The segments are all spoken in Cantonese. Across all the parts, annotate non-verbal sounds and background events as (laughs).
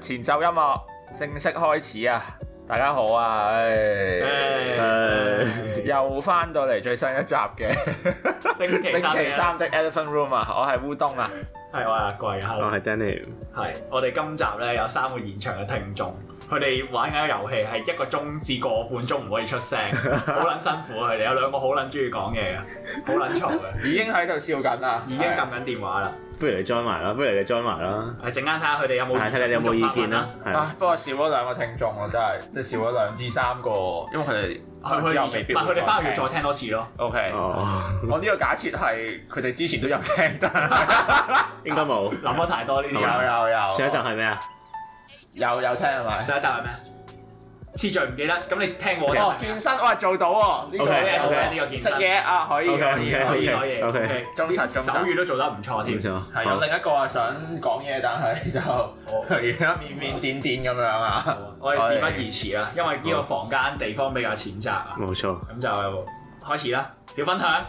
前奏音樂正式開始啊！大家好啊，唉、哎，hey, 哎、又翻到嚟最新一集嘅星期三的, (laughs) 的 Elephant Room 啊！我係烏冬啊，係我係阿貴啊 Hello，係 Denim，係我哋今集咧有三個現場嘅聽眾，佢哋玩緊遊戲係一個鐘至個半鐘唔可以出聲，好撚辛苦啊。佢哋，有兩個好撚中意講嘢嘅，好撚嘈嘅， (laughs) 已經喺度笑緊啦，已經撳緊電話啦。不如你 join 埋啦，不如你 join 埋啦。係陣間睇下佢哋有冇，睇下你有冇意見啦。係、啊。不過少咗兩個聽眾我真係，即係少咗兩至三個。因為佢哋佢佢哋之後未必。唔佢哋返去再聽多次咯。OK。Oh. 我呢個假設係佢哋之前都有聽， (laughs) 應該冇諗得太多呢啲吧。有有有。有有上一集係咩啊？有有聽係咪？上一集係咩？次序唔記得，咁你聽我哦。健身我係做到喎，呢個咩做咩？呢個健身食嘢啊，可以，可以，可以，可以。OK，手語都做得唔錯添。係，咁另一個啊，想講嘢，但係就而家面面點點咁樣啊。我哋事不宜遲啦，因為呢個房間地方比較淺窄啊。冇錯，咁就開始啦，小分享。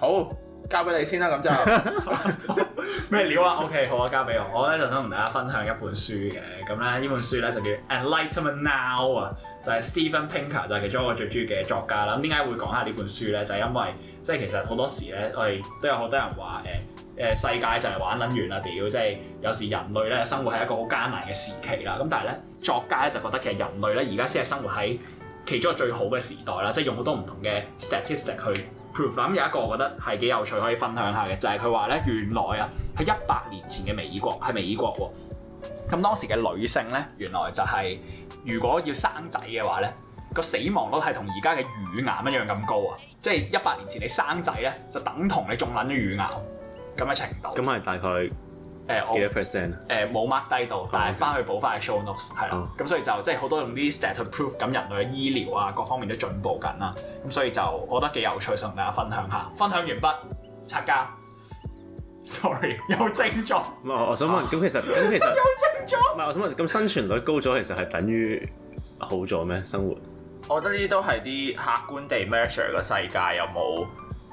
好。交俾你先啦、啊，咁就咩 (laughs) (laughs) 料啊？OK，好啊，交俾我。我咧就想同大家分享一本書嘅，咁咧呢本書咧就叫《Enlightenment Now》啊，就係、是、Steven Pinker 就係其中一個最中意嘅作家啦。咁點解會講下呢本書咧？就係、是、因為即係、就是、其實好多時咧，我哋都有好多人話誒誒世界就係玩撚完啦屌！即、就、係、是、有時人類咧生活喺一個好艱難嘅時期啦。咁但係咧作家咧就覺得其實人類咧而家先係生活喺其中一個最好嘅時代啦，即、就、係、是、用好多唔同嘅 statistic 去。Proof 咁、啊、有一個我覺得係幾有趣可以分享下嘅，就係佢話咧，原來啊喺一百年前嘅美國，喺美國喎、啊，咁當時嘅女性咧，原來就係、是、如果要生仔嘅話咧，個死亡率係同而家嘅乳癌一樣咁高啊！即係一百年前你生仔咧，就等同你中撚咗乳癌咁嘅程度。咁係大概。幾多 percent？誒冇 mark 低到，但係翻去補翻嘅 show notes 係啦、啊。咁、哦嗯、所以就即係好多用呢啲 data 去 proof 咁人類嘅醫療啊各方面都進步緊啦。咁、嗯、所以就我覺得幾有趣，想同大家分享下。分享完畢，拆家。Sorry，有症狀。唔係，我想問咁其實咁其實、嗯、有症狀。唔係、嗯、我想問，咁生存率高咗，其實係等於好咗咩？生活？我覺得呢啲都係啲客觀地 measure 嘅世界有冇？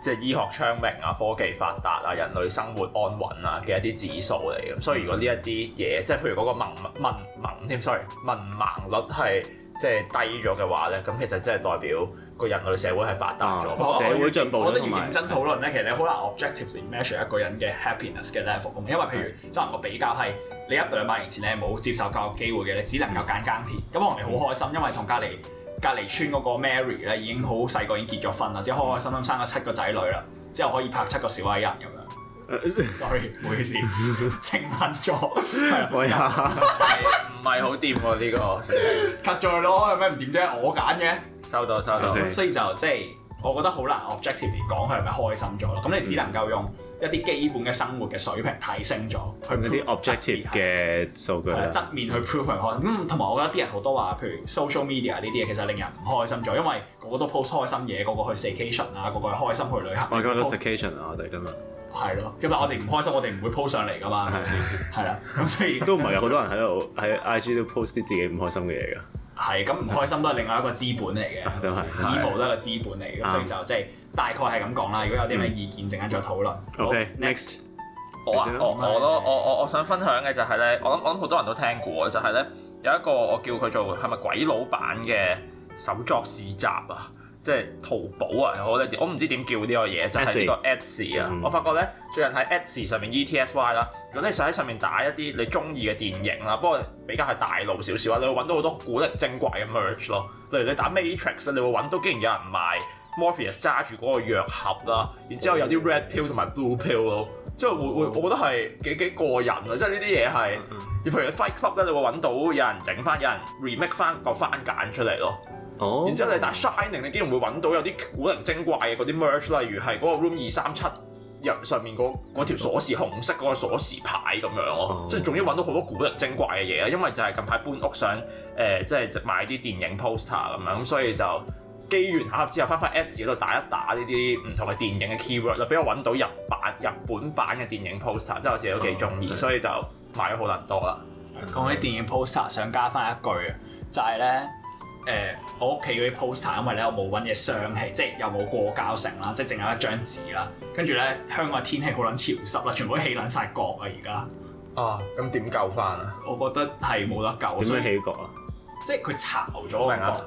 即係醫學昌明啊、科技發達啊、人類生活安穩啊嘅一啲指數嚟，咁所以如果呢一啲嘢，即係譬如嗰個文文盲，添，sorry，文盲率係即係低咗嘅話咧，咁其實真係代表個人類社會係發達咗，啊、社會進步我覺得要認真討論咧，有其實你好難 objectively measure 一個人嘅 happiness 嘅 level，因為譬如即係我比較係你一兩百年前你冇接受教育機會嘅，你只能夠揀耕田，咁可能你好開心，因為同隔離。隔離村嗰個 Mary 咧，已經好細個已經結咗婚啦，即係開開心心生咗七個仔女啦，之後可以拍七個小矮人咁樣。 (laughs) sorry，唔好意思，請問咗，係 (laughs) 啊對，唔係好掂喎呢個，cut 咗佢咯，有咩唔掂啫？我揀嘅，收到收到，Okay. 所以就即係。J. 我覺得好難 objective 地講佢係咪開心咗咯，咁你只能夠用一啲基本嘅生活嘅水平提升咗去啲 objective 嘅數據，係側面去 prove 佢開心。同埋我覺得啲人好多話，譬如 social media 呢啲嘢其實令人唔開心咗，因為個個都 post 開心嘢，個個去 vacation 啊，個個開心去旅行。我咁多 vacation 啊，我哋今日。係咯，咁但係我哋唔開心，我哋唔會 post 上嚟㗎嘛，係咪先？係啦，咁所以亦都唔係有好多人喺度喺 IG 都 post 啲自己唔開心嘅嘢㗎。係，咁唔開心都係另外一個資本嚟嘅，都 emo 都係一個資本嚟嘅，對所以就即係、就是、大概係咁講啦。如果有啲咩意見，陣間、嗯、再討論。OK next 我我我是我我我想分享嘅就係、是、咧，我諗我諗好多人都聽過，就係、是、咧有一個我叫佢做係咪鬼佬版嘅手作市集啊。即係淘寶啊，我咧我唔知點叫呢個嘢，就係、是、呢個 Etsy 啊、mm。Hmm. 我發覺咧，最近喺 Etsy 上面 E T S Y 啦，如果你想喺上面打一啲你中意嘅電影啦，不過比較係大路少少啊，你會揾到好多古靈精怪嘅 merge 咯。例如你打 Matrix 咧，你會揾到竟然有人賣 Morpheus 揸住嗰個藥盒啦，然之後有啲 red pill 同埋 blue pill 咯，即係會會，我覺得係幾幾過癮啊！即係呢啲嘢係，你、mm hmm. 譬如你 Fight Club 咧，你會揾到有人整翻，有人 remake 翻個番簡出嚟咯。哦，oh, okay. 然之後你打 Shining 你竟然會揾到有啲古靈精怪嘅嗰啲 merch，例如係嗰個 room 二三七入上面嗰嗰條鎖匙紅色嗰個鎖匙牌咁樣咯，oh, okay. 即係仲要揾到好多古靈精怪嘅嘢啦，因為就係近排搬屋想誒、呃、即係買啲電影 poster 咁樣，咁所以就機緣巧合之後翻返 Etsy 嗰度打一打呢啲唔同嘅電影嘅 keyword，就俾我揾到日版日本版嘅電影 poster，即係我自己都幾中意，oh, okay. 所以就買咗好撚多啦。講起、嗯嗯、電影 poster，想加翻一句啊，就係、是、咧。誒，我屋企嗰啲 poster，因為咧我冇揾嘢雙起，即係又冇過膠成啦，即係淨有一張紙啦。跟住咧，香港嘅天氣好撚潮濕啦，全部都起撚晒角啊！而家哦，咁點救翻啊？我覺得係冇得救。點樣起角啊？即係佢巢咗個角，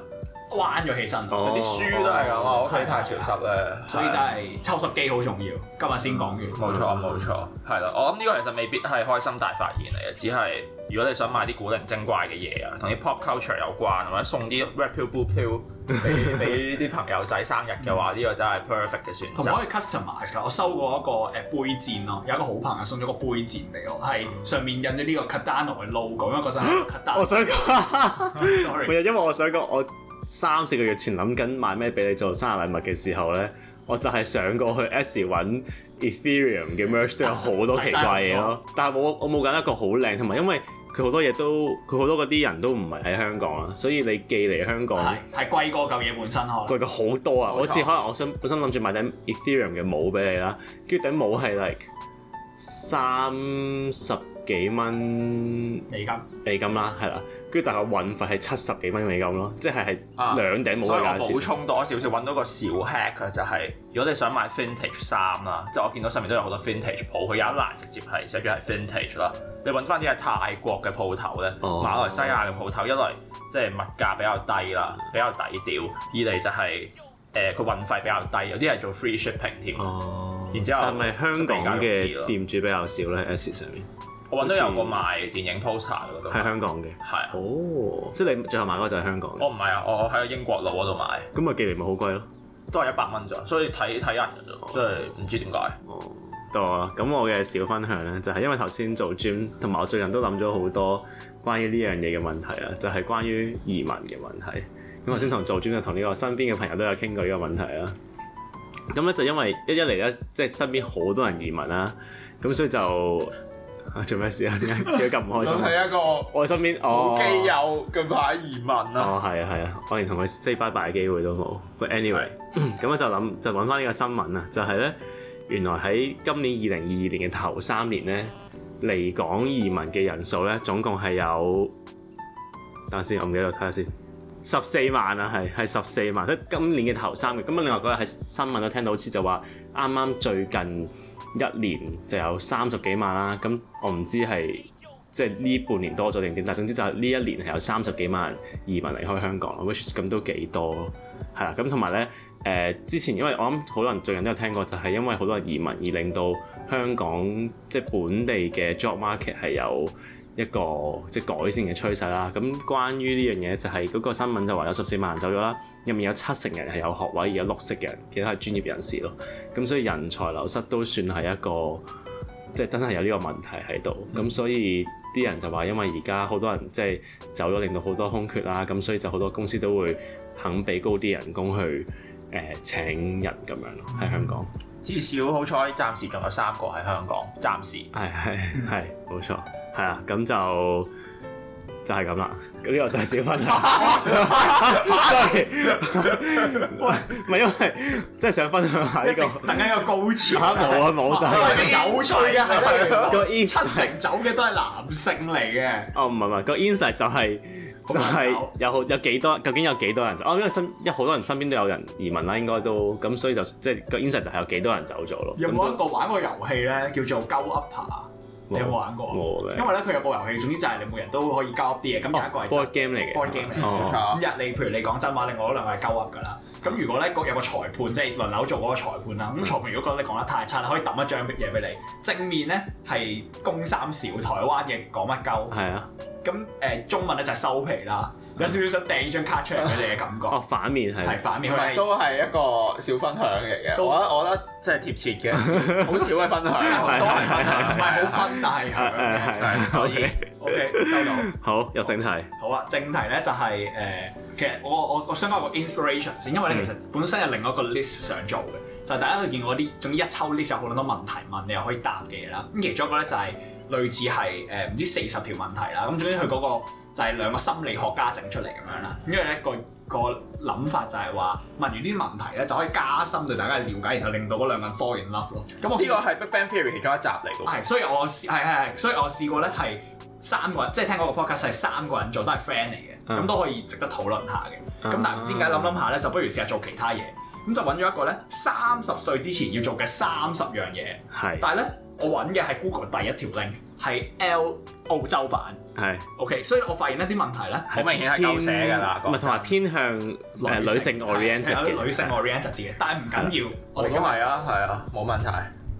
彎咗起身。有啲書都係咁啊，太潮濕咧，所以就係抽濕機好重要。的今日先講完，冇錯冇錯，係啦。我諗呢個其實未必係開心大發現嚟嘅，只係。如果你想買啲古靈精怪嘅嘢啊，同啲 pop culture 有關，或者送啲 red pill blue pill 俾俾啲朋友仔生日嘅話，呢、嗯、個真係 perfect 嘅選擇。同埋可以 customise 我收過一個誒杯墊咯，有一個好朋友送咗個杯墊俾，我係上面印咗呢個 Cardano 嘅 logo，咁樣個生日 card，我想講過 (laughs) (laughs) (laughs) ，sorry， (laughs) 因為我想講，我三四個月前諗緊買咩俾你做生日禮物嘅時候咧，我就係上過去 Etsy 揾 Ethereum 嘅 merch 都有好多奇怪嘢咯， (laughs) 但係我 (laughs) 我冇揀一個好靚同埋，因為佢好多嘢都，佢好多嗰啲人都唔係喺香港啦，所以你寄嚟香港係貴過嚿嘢本身咯，貴過好多啊！錯我好似可能我想本身諗住買頂 Ethereum 嘅帽俾你啦，跟住頂帽係嚟三十幾蚊美金，美金啦，係啦。跟住大概運費係七十幾蚊美金咯，即係係兩頂冇。所以我補充多少少揾到個小 hack 啊，就係如果你想買 vintage 衫啊，即係我見到上面都有好多 vintage 鋪，佢有一欄直接係寫住係 vintage 啦。你揾翻啲係泰國嘅鋪頭咧，馬來西亞嘅鋪頭，一嚟即係物價比較低啦，比較底調；二嚟就係誒佢運費比較低，有啲係做 free shipping 添。然之後係咪香港嘅店主比較少咧？S 上面？我揾都有個賣電影 poster 嗰度，係香港嘅。係、啊、哦，即係你最後買嗰個就係香港嘅。我唔係啊，我我喺英國路嗰度買。咁咪、啊、寄嚟咪好貴咯？都係一百蚊咋，所以睇睇人嘅啫、就是，即係唔知點解。哦、嗯，得、嗯、啊。咁、嗯嗯、我嘅小分享咧，就係、是、因為頭先做 Denim 同埋我最近都諗咗好多關於呢樣嘢嘅問題啦，就係、是、關於移民嘅問題。咁我先同做 Denim 同呢個身邊嘅朋友都有傾過呢個問題啦。咁、嗯、咧就因為一一嚟咧，即係身邊好多人移民啦，咁所以就。 (noise) 做咩、啊、事啊？點解咁唔開心？咁係一個我身邊好基友近排移民啊哦！哦，係啊，係啊，我連同佢 say bye bye 嘅機會都冇。Anyway，咁我是的 就諗就揾翻呢個新聞啊，就係、是、咧原來喺今年二零二二年嘅頭三年咧離港移民嘅人數咧總共係有，等下先，我唔記得睇下先，十四萬啊，係係十四萬。即今年嘅頭三年，咁啊另外嗰日喺新聞都聽到，好似就話啱啱最近，一年就有三十幾萬啦，咁我唔知係即係呢半年多咗定點，但係總之就係呢一年係有三十幾萬移民離開香港 (noise) ，which is 咁都幾多咯，係啦，咁同埋咧，誒、呃、之前因為我諗好多人最近都有聽過，就係、是、因為好多人移民而令到香港即係、就是、本地嘅 job market 係有，一個即係改善嘅趨勢啦。咁關於呢樣嘢，就係嗰個新聞就話有十四萬人走咗啦。入面有七成人係有學位，而有六色嘅六成，其他係專業人士咯。咁所以人才流失都算係一個即係真係有呢個問題喺度。咁所以啲人，人就話，因為而家好多人即係走咗，令到好多空缺啦。咁所以就好多公司都會肯俾高啲人工去誒、呃、請人咁樣咯，喺香港。至少好彩，暫時仲有三個喺香港。暫時係係係冇錯，係啊，咁就就係咁啦。呢個就係小分享。喂，唔係因為即係想分享下呢個，等緊一,一個高潮。冇啊冇有是就係有趣嘅，係個 ins 七成走嘅都係男性嚟嘅。 (laughs) 哦唔係唔係，個 ins 就係。就係有好有幾多，究竟有幾多人走？哦，因為身因為好多人身邊都有人移民啦，應該都咁，所以就即係 Instagram 就係、是就是就是、有幾多人走咗咯。有冇一個玩過玩個遊戲咧，叫做勾 Upper、哦、有冇玩過？冇嘅、哦。因為咧佢有個遊戲，總之就係你每人都可以交 Up 啲嘢，咁、哦、有一個係。Board game 嚟嘅。Board game 嚟嘅。哦、uh, uh.。咁日你譬如你講真話，另外兩個可能係勾 Up 㗎啦。咁如果咧個有個裁判，即係輪流做嗰個裁判啦，咁裁判如果覺得你講得太差，可以抌一張嘢俾你。正面咧係攻三少台灣嘅講乜鳩？係啊。咁誒中文咧就係收皮啦，有少少想掟呢張卡出嚟俾你嘅感覺。哦，反面係係反面，係都係一個小分享嚟嘅，我覺得我覺得真係貼切嘅，好少嘅分享。少分享唔係好分大享嘅，可以。O、okay, K。收到，好，入正題。好啊，正題咧就係、是、誒、呃，其實我我我想講個 inspiration 先，因為咧其實本身有另外一個 list 想做嘅，嗯、就係大家都見過啲總之一抽 list 有好多問題問，你又可以答嘅嘢啦。咁其中一個咧就係、是、類似係誒唔知四十條問題啦。咁總之佢嗰個就係兩個心理學家整出嚟咁樣啦。因為咧、嗰個、嗰個諗法就係話問完啲問題咧就可以加深對大家嘅了解，然後令到嗰兩個人 fall in love 咯。咁我呢個係 Big Bang Theory 其中一集嚟嘅，係。所以我係係係，所以我試過咧係。三個人，即係聽嗰個 podcast 係三個人做都係 friend 嚟嘅，咁都可以值得討論下嘅。咁但係唔知點解諗諗下咧，就不如試下做其他嘢。咁就揾咗一個咧，三十歲之前要做嘅三十樣嘢。係。但係咧，我揾嘅係 Google 第一條 link 係 L 澳洲版。係。OK，所以我發現一啲問題咧係偏，唔係同埋偏向女性 oriented 嘅，女性 oriented 字嘅，但係唔緊要。我哋都係啊，係啊，冇問題。但係 (laughs) 我覺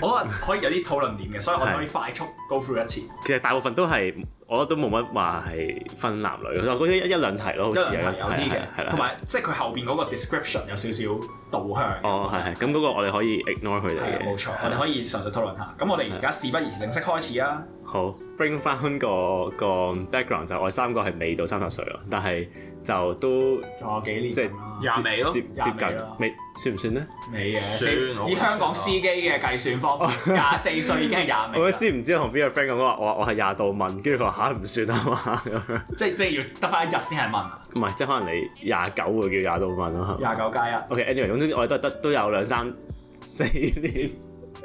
得，我可以有啲討論點嘅，所以我可以快速 go through 一次。其實大部分都係，我覺得都冇乜話係分男女，就嗰啲一兩題咯，好似係。有啲嘅，係啦的。同埋即係佢後邊嗰個 description 有少少導向。哦，係係，咁嗰個我哋可以 ignore 佢哋。嘅，冇錯，的我哋可以純粹討論下。咁我哋而家事不宜遲，正式開始啊！好，bring 翻個個 background 就我哋三個係未到三十歲咯，但係，就都仲有幾年，即係廿尾咯，接接近未算唔算咧？尾啊，算，以香港司機嘅計算方法，廿四歲已經係廿尾。我知唔知同邊個 friend 講話？我我係廿度問，跟住佢話吓唔算啊嘛咁樣。即即要得翻一日先係問。唔係，即可能你廿九會叫廿度問咯。廿九加一。OK，Anyway，總之我哋都得都有兩三四年，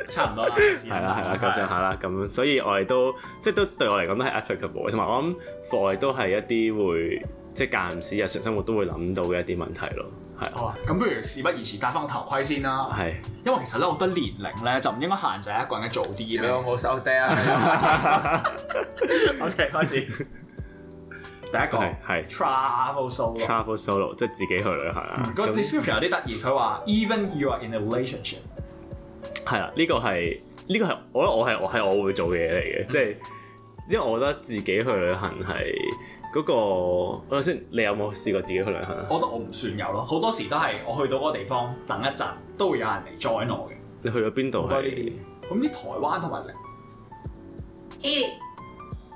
差唔多。係啦係啦，加上下啦。咁所以我哋都即都對我嚟講都係 acceptable，同埋我諗課外都係一啲會。即係間唔時日常生活都會諗到嘅一啲問題咯，係。好啊，咁不如事不宜遲，戴翻個頭盔先啦。係的。因為其實咧，我覺得年齡咧就唔應該限制一個人嘅早啲。係啊，我收爹啊。OK，開始。第一個係。Travel、okay, 行 solo, solo。Travel solo，即係自己去旅行。個 description 有啲得意，佢話 even you are in a relationship。係啊，呢、呢個係呢、呢個係、呢個、我覺得我係我係我，我，我會做嘅嘢嚟嘅，即係因為我覺得自己去旅行係。 (laughs) (laughs) 嗰個，我頭先，你有冇試過自己去旅行啊？我覺得我唔算有咯，好多時都係我去到嗰個地方等一陣，都會有人嚟 join 我嘅。你去咗邊度啊？咁啲台灣同埋零，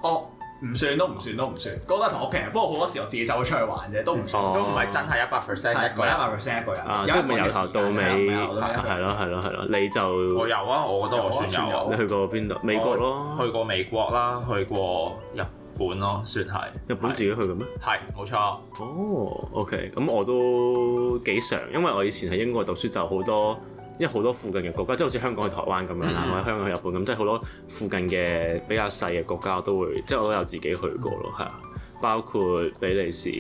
哦，唔算都唔算都唔算，嗰都係同屋企人。不過好多時我自己走出去玩啫，都唔算。都唔係真係一百 percent 一個一百 percent 一個人。因為由頭到尾係係咯係咯係咯，你就我有啊，我覺得我算有。你去過邊度？美國咯，去過美國啦，去過日本咯算係，日本自己去嘅咩？係，冇錯。哦、oh，OK，咁我都幾常，因為我以前喺英國讀書就好多，因為好多附近嘅國家，即係好似香港去台灣咁樣啦，我喺、mm hmm. 香港去日本咁，即係好多附近嘅比較細嘅國家都會，即、就、係、是、我都有自己去過咯，係啊、mm，hmm. 包括比利時、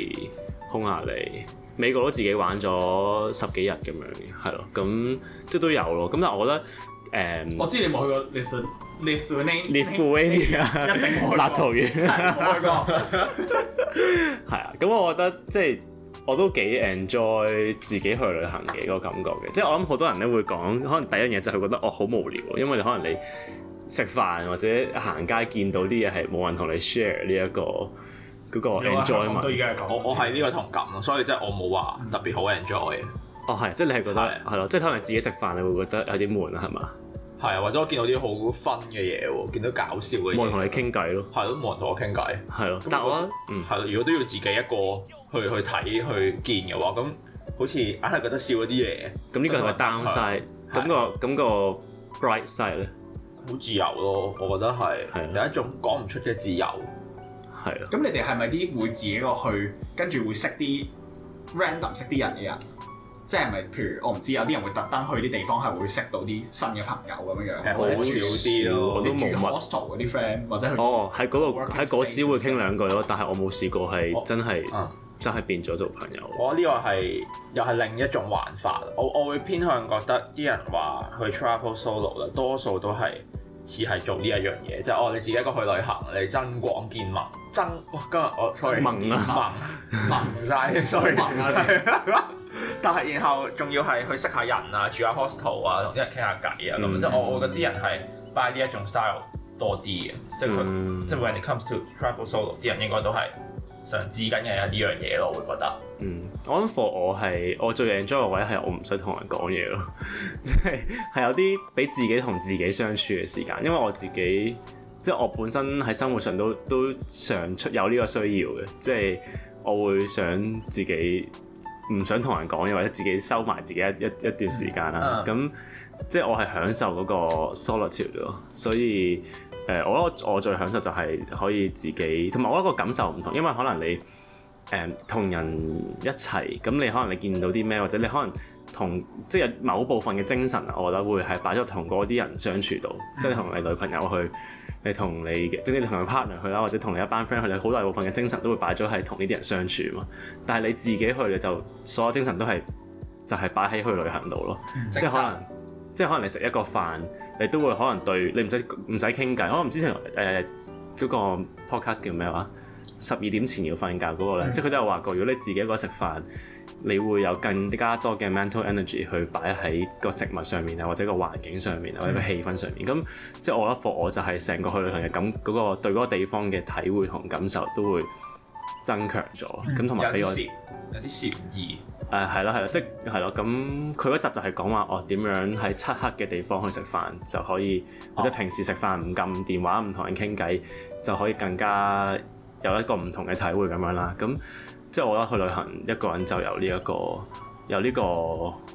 匈牙利、美國都自己玩咗十幾日咁樣，係咯，咁即係都有咯。咁但係我覺得誒，嗯、我知你冇去過。lift 嗰啲，lift 嗰啲啊，係啊，咁我覺得即係、就是、我都幾 enjoy 自己去旅行嘅嗰個感覺嘅，即、就、係、是、我諗好多人咧會講，可能第一樣嘢就係覺得哦好無聊，因為你可能你食飯或者行街見到啲嘢係冇人同你 share 呢一個嗰、那個 enjoy 啊嘛。我我係呢個同感咯，所以即係我冇話特別好 enjoy、嗯。哦係、啊，即係你係覺得係咯、啊嗯，即係可能自己食飯你會覺得有啲悶係嘛？係啊，或者我見到啲好分嘅嘢喎，見到搞笑嘅嘢。冇人同你傾偈咯。係都冇人同我傾偈。係咯。但係我覺得，係咯，如果都要自己一個去去睇去見嘅話，咁好似硬係覺得笑嗰啲嘢。咁呢個係 downside，咁個咁個 bright side 咧？好自由咯，我覺得係，有一種講唔出嘅自由。係啊。咁你哋係咪啲會自己個去跟住會識啲 random 識啲人嘅人？即係咪？譬如我唔知有啲人會特登去啲地方，係會識到啲新嘅朋友咁樣樣，好少啲住 hostel 嗰啲 friend，或者去哦，喺嗰喺嗰時會傾兩句咯。但係我冇試過係真係真係變咗做朋友。我呢個係又係另一種玩法。我我會偏向覺得啲人話去 travel solo 啦，多數都係似係做呢一樣嘢，即係哦，你自己一個去旅行，你增廣見聞，增哇今日我 sorry，萌啊萌萌曬，sorry。但係，然後仲要係去識下人啊，住下 hostel 啊，同啲人傾下偈啊，咁即係我我覺得啲人係 by 呢一種 style 多啲嘅，即係即係 when it comes to travel solo 啲人應該都係想知緊嘅一呢樣嘢咯，我會覺得。嗯，我諗 for 我係我最 enjoy 嘅位係我唔使同人講嘢咯，即係係有啲俾自己同自己相處嘅時間，因為我自己即係、就是、我本身喺生活上都都常出有呢個需要嘅，即、就、係、是、我會想自己。唔想同人講嘢，或者自己收埋自己一一一段時間啦。咁、嗯嗯、即係我係享受嗰個 solitude 咯。所以誒、呃，我我最享受就係可以自己，同埋我一個感受唔同，因為可能你誒、呃、同人一齊，咁你可能你見到啲咩，或者你可能同即係某部分嘅精神，我覺得會係擺咗同嗰啲人相處到，嗯、即係同你女朋友去。你同你嘅，甚至你同佢 partner 去啦，或者同你一班 friend 去，你好大部分嘅精神都會擺咗喺同呢啲人相處嘛。但係你自己去，你就所有精神都係，就係擺喺去旅行度咯。嗯、即係可能，常即係可能你食一個飯，你都會可能對你唔使唔使傾偈。我唔、哦、之前誒嗰、呃嗰個 podcast 叫咩話？十二點前要瞓覺嗰、嗰個咧，嗯、即係佢都有話過，如果你自己一個食飯。你會有更加多嘅 mental energy 去擺喺個食物上面啊，或者個環境上面或者個氣氛上面。咁、嗯、即係我一得我就係成個去旅行嘅感嗰、嗰個對嗰個地方嘅體會同感受都會增強咗。咁同埋有，比我有時有啲善意。誒係啦係啦，即係係咯。咁佢嗰集就係講話哦，點樣喺漆黑嘅地方去食飯就可以，啊、或者平時食飯唔撳電話唔同人傾偈就可以更加有一個唔同嘅體會咁樣啦。咁。即係我覺得去旅行一個人就有呢、這、一個有呢個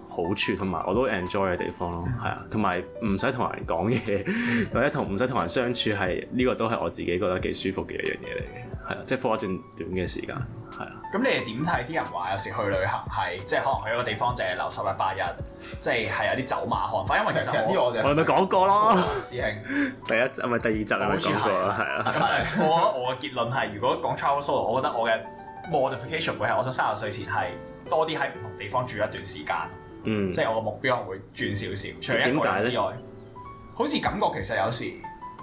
好處，同埋我都 enjoy 嘅地方咯，係啊，同埋唔使同人講嘢，或者同唔使同人相處係呢、這個都係我自己覺得幾舒服嘅一樣嘢嚟嘅，係啊，即係放一段短嘅時間，係啊。咁你哋點睇啲人話有時去旅行係即係可能去一個地方淨係留十日八日， (music) 即係係有啲走馬看花，因為其實我哋咪講過咯， (music) 師兄第一集咪第二集有冇講過啦，係啊。咁我我嘅結論係如果講 travel solo，我覺得我嘅 Modification 會係我想三十歲前係多啲喺唔同地方住一段時間，嗯、即係我個目標會轉少少，除咗一個人之外，好似感覺其實有時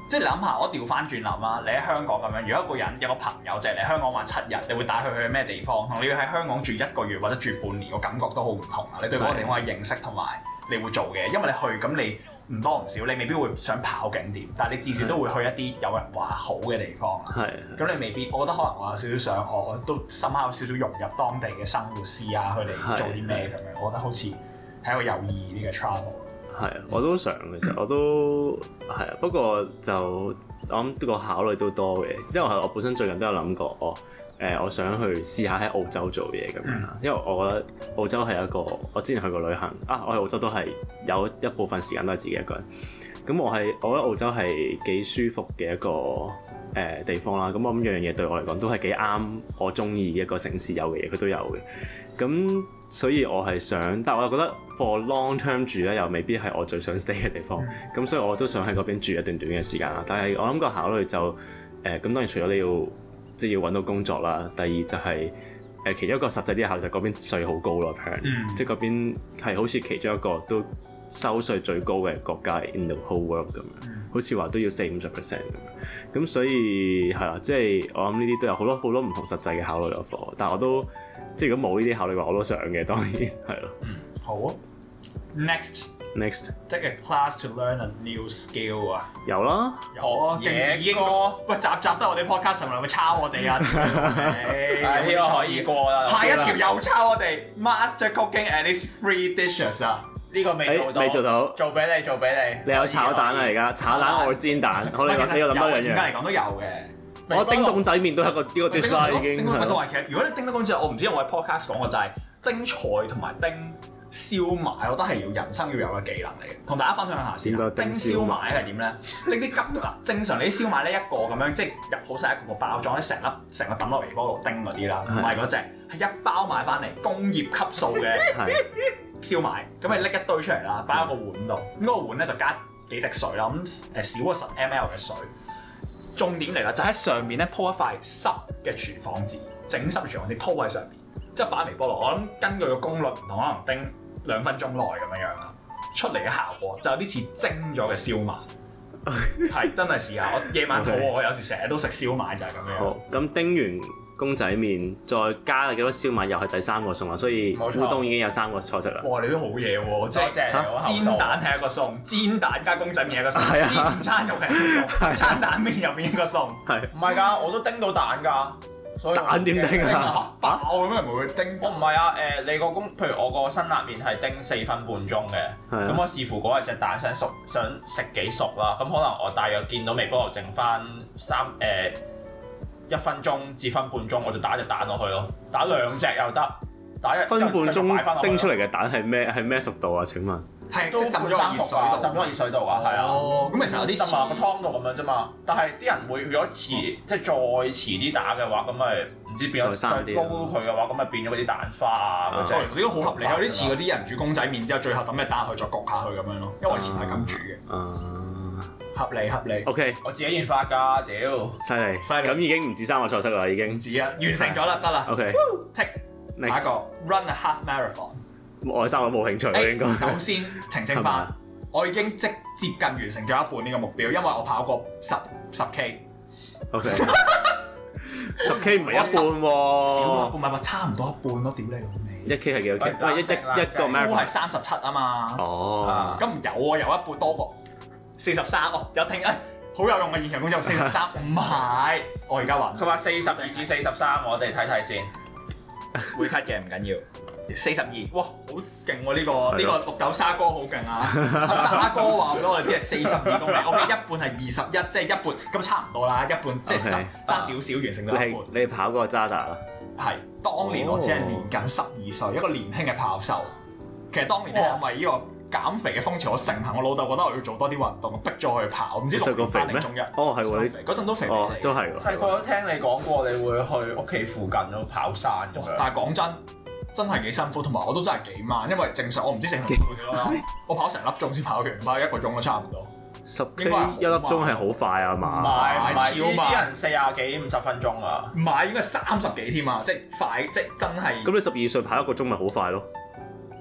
即係你諗下，我調翻轉諗啦，你喺香港咁樣，如果一個人有個朋友淨係嚟香港玩七日，你會帶佢去咩地方？同你要喺香港住一個月或者住半年個感覺都好唔同啊！你對嗰個地方嘅認識同埋的你會做嘅，因為你去咁你。唔多唔少，你未必會想跑景點，但係你至少都會去一啲有人話好嘅地方。係的。咁你未必，我覺得可能我有少少想，我都深刻有少少融入當地嘅生活，試下佢哋做啲咩咁樣。的我覺得好似係一個有意義呢個 travel。係，我都想其實我都係啊，不過就我諗個考慮都多嘅，因為我本身最近都有諗過我。哦誒、呃，我想去試下喺澳洲做嘢咁樣啦，因為我覺得澳洲係一個，我之前去過旅行啊，我喺澳洲都係有一部分時間都係自己一個人。咁我係我覺得澳洲係幾舒服嘅一個誒、呃、地方啦。咁我諗樣樣嘢對我嚟講都係幾啱，我中意一個城市有嘅嘢佢都有嘅。咁所以我係想，但係我又覺得 for long term 住咧又未必係我最想 stay 嘅地方。咁所以我都想喺嗰邊住一段短嘅時間啦。但係我諗個考慮就誒，咁、呃、當然除咗你要。即係要揾到工作啦。第二就係、是、誒、呃，其中一個實際啲嘅考慮就係嗰邊稅、mm hmm. 好高咯，即係嗰邊係好似其中一個都收稅最高嘅國家 In the whole world 咁樣，mm hmm. 好似話都要四五十 percent 咁。咁所以係啦，即係、就是、我諗呢啲都有好多好多唔同實際嘅考慮咗貨。但我都即係如果冇呢啲考慮話，我都想嘅。當然係咯。嗯，mm hmm. 好啊。Next。Next, take a class to learn a new skill 啊！有咯，有啊，已經過。喂，集集都係我哋 podcast 係咪會抄我哋啊？呢個可以過啦。下一條又抄我哋，master cooking at least three dishes 啊！呢個未做到，未做到，做俾你，做俾你。你有炒蛋啊？而家炒蛋，我煎蛋。好，你哋有，有兩樣嘢而家嚟講都有嘅。我叮凍仔麵都係一個呢個 dish 啦，已經。如果你叮得嗰陣時，我唔知我喺 podcast 講嘅就係叮菜同埋叮。燒賣我覺得係要人生要有嘅技能嚟嘅，同大家分享下先啦。叮燒賣係點咧？拎啲金嗱，正常你啲燒賣呢一個咁樣，即係入好細一個個包裝咧，成粒成個抌落微波爐叮嗰啲啦，唔係嗰隻，係一包買翻嚟工業級數嘅燒賣，咁你拎一堆出嚟啦，擺喺個碗度，咁是的 個碗咧就加幾滴水啦，咁、嗯、誒少個十 mL 嘅水。重點嚟啦，就喺、是、上面咧鋪一塊濕嘅廚房紙，整濕廚房紙鋪喺上面，即係擺微波爐。我諗根據個功率同可能叮。兩分鐘內咁樣樣啦，出嚟嘅效果就有啲似蒸咗嘅燒賣，係真係試下。我夜晚肚餓，我有時成日都食燒賣就係咁樣。好，咁叮完公仔麵再加幾多燒賣，又係第三個餸啦，所以烏冬已經有三個菜式啦。哇，你都好嘢喎，即係煎蛋係一個餸，煎蛋加公仔麵係一個餸，煎餐肉係一個餸，餐蛋麵又變一個餸，係唔係㗎？我都叮到蛋㗎。蛋點叮啊？我咁樣唔會叮？我唔係啊，誒、啊呃，你個工，譬如我個辛辣麵係叮四分半鐘嘅，咁、啊、我視乎嗰一隻蛋想熟想食幾熟啦，咁可能我大約見到微波爐剩翻三誒一分鐘至分半鐘，我就打一隻蛋落去咯，打兩隻又得。打一分半鐘叮出嚟嘅蛋係咩係咩熟度啊？請問？係，都浸咗喺熱水度，浸咗喺熱水度啊，係啊，咁咪成日有啲滲埋個湯度咁樣啫嘛。但係啲人會，如果遲即係再遲啲打嘅話，咁咪唔知變咗再煲佢嘅話，咁咪變咗啲蛋花啊嗰啲。都好合理，有啲似嗰啲人煮公仔麪之後，最後抌啲蛋去再焗下佢咁樣咯。因為我以前係咁煮嘅。啊，合理合理。O K，我自己研發㗎，屌。犀利犀利。咁已經唔止三個菜式啦，已經。唔止啊，完成咗啦，得啦。O K。Take next。下個 run a half marathon。外省我冇興趣，應該。首先澄清翻，我已經即接近完成咗一半呢個目標，因為我跑過十十 K。O.K. 十 K 唔係一半喎。少一半，唔係差唔多一半咯，點你嘅你？一 K 係幾多 K？因為一一一個 mile 係三十七啊嘛。哦。咁有喎，有一半多喎。四十三哦，有聽誒，好有用嘅現場工作，四十三，唔係，我而家話。佢話四十二至四十三，我哋睇睇先。會 cut 嘅，唔緊要。四十二，哇，好勁喎！呢個呢個綠豆沙哥好勁啊！阿沙哥話畀我哋知係四十二公里，我記得一半係二十一，即係一半咁差唔多啦，一半即係十爭少少完成到一半。你係跑嗰渣打？係，當年我只係年僅十二歲，一個年輕嘅跑手。其實當年我為呢個減肥嘅風潮，我成行我老豆覺得我要做多啲運動，逼咗我去跑。唔知細個肥咩？哦，係喎，細個肥嗰陣都肥嘅，都係細個都聽你講過，你會去屋企附近度跑山。但係講真。真係幾辛苦，同埋我都真係幾慢，因為正常我唔知正常幾耐多。我跑成粒鐘先跑完，跑一個鐘都差唔多。應該一粒鐘係好快啊嘛？唔係，唔係，啲人四十幾五十分鐘啊。唔係，應該三十幾添啊，即係快，即係真係。咁你十二歲跑一個鐘咪好快咯。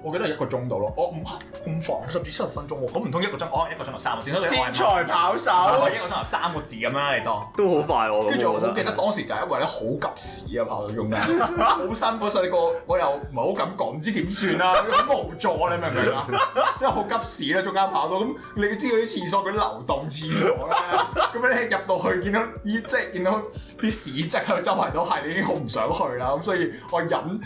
我記得一個鐘度咯，我唔唔快，十二十分鐘喎，咁唔通一個鐘？哦，啊、一個鐘頭、啊、三個字，你可個天才跑手，唔係唔係一個鐘頭三個字咁啦，嚟當都快好快喎。跟住、啊、我好真記得當時就係因為咧好急屎啊，跑到中間好辛苦，所以個我又唔係好敢講，唔知點算啦，好 (laughs) 無助你明唔明啊？因為好急屎啦，中間跑到咁，你知嗰啲廁所嗰啲流動廁所啦，咁樣咧入到去見到，依即係見到啲屎跡喺周圍都係，你已經好唔想去啦。咁所以我忍，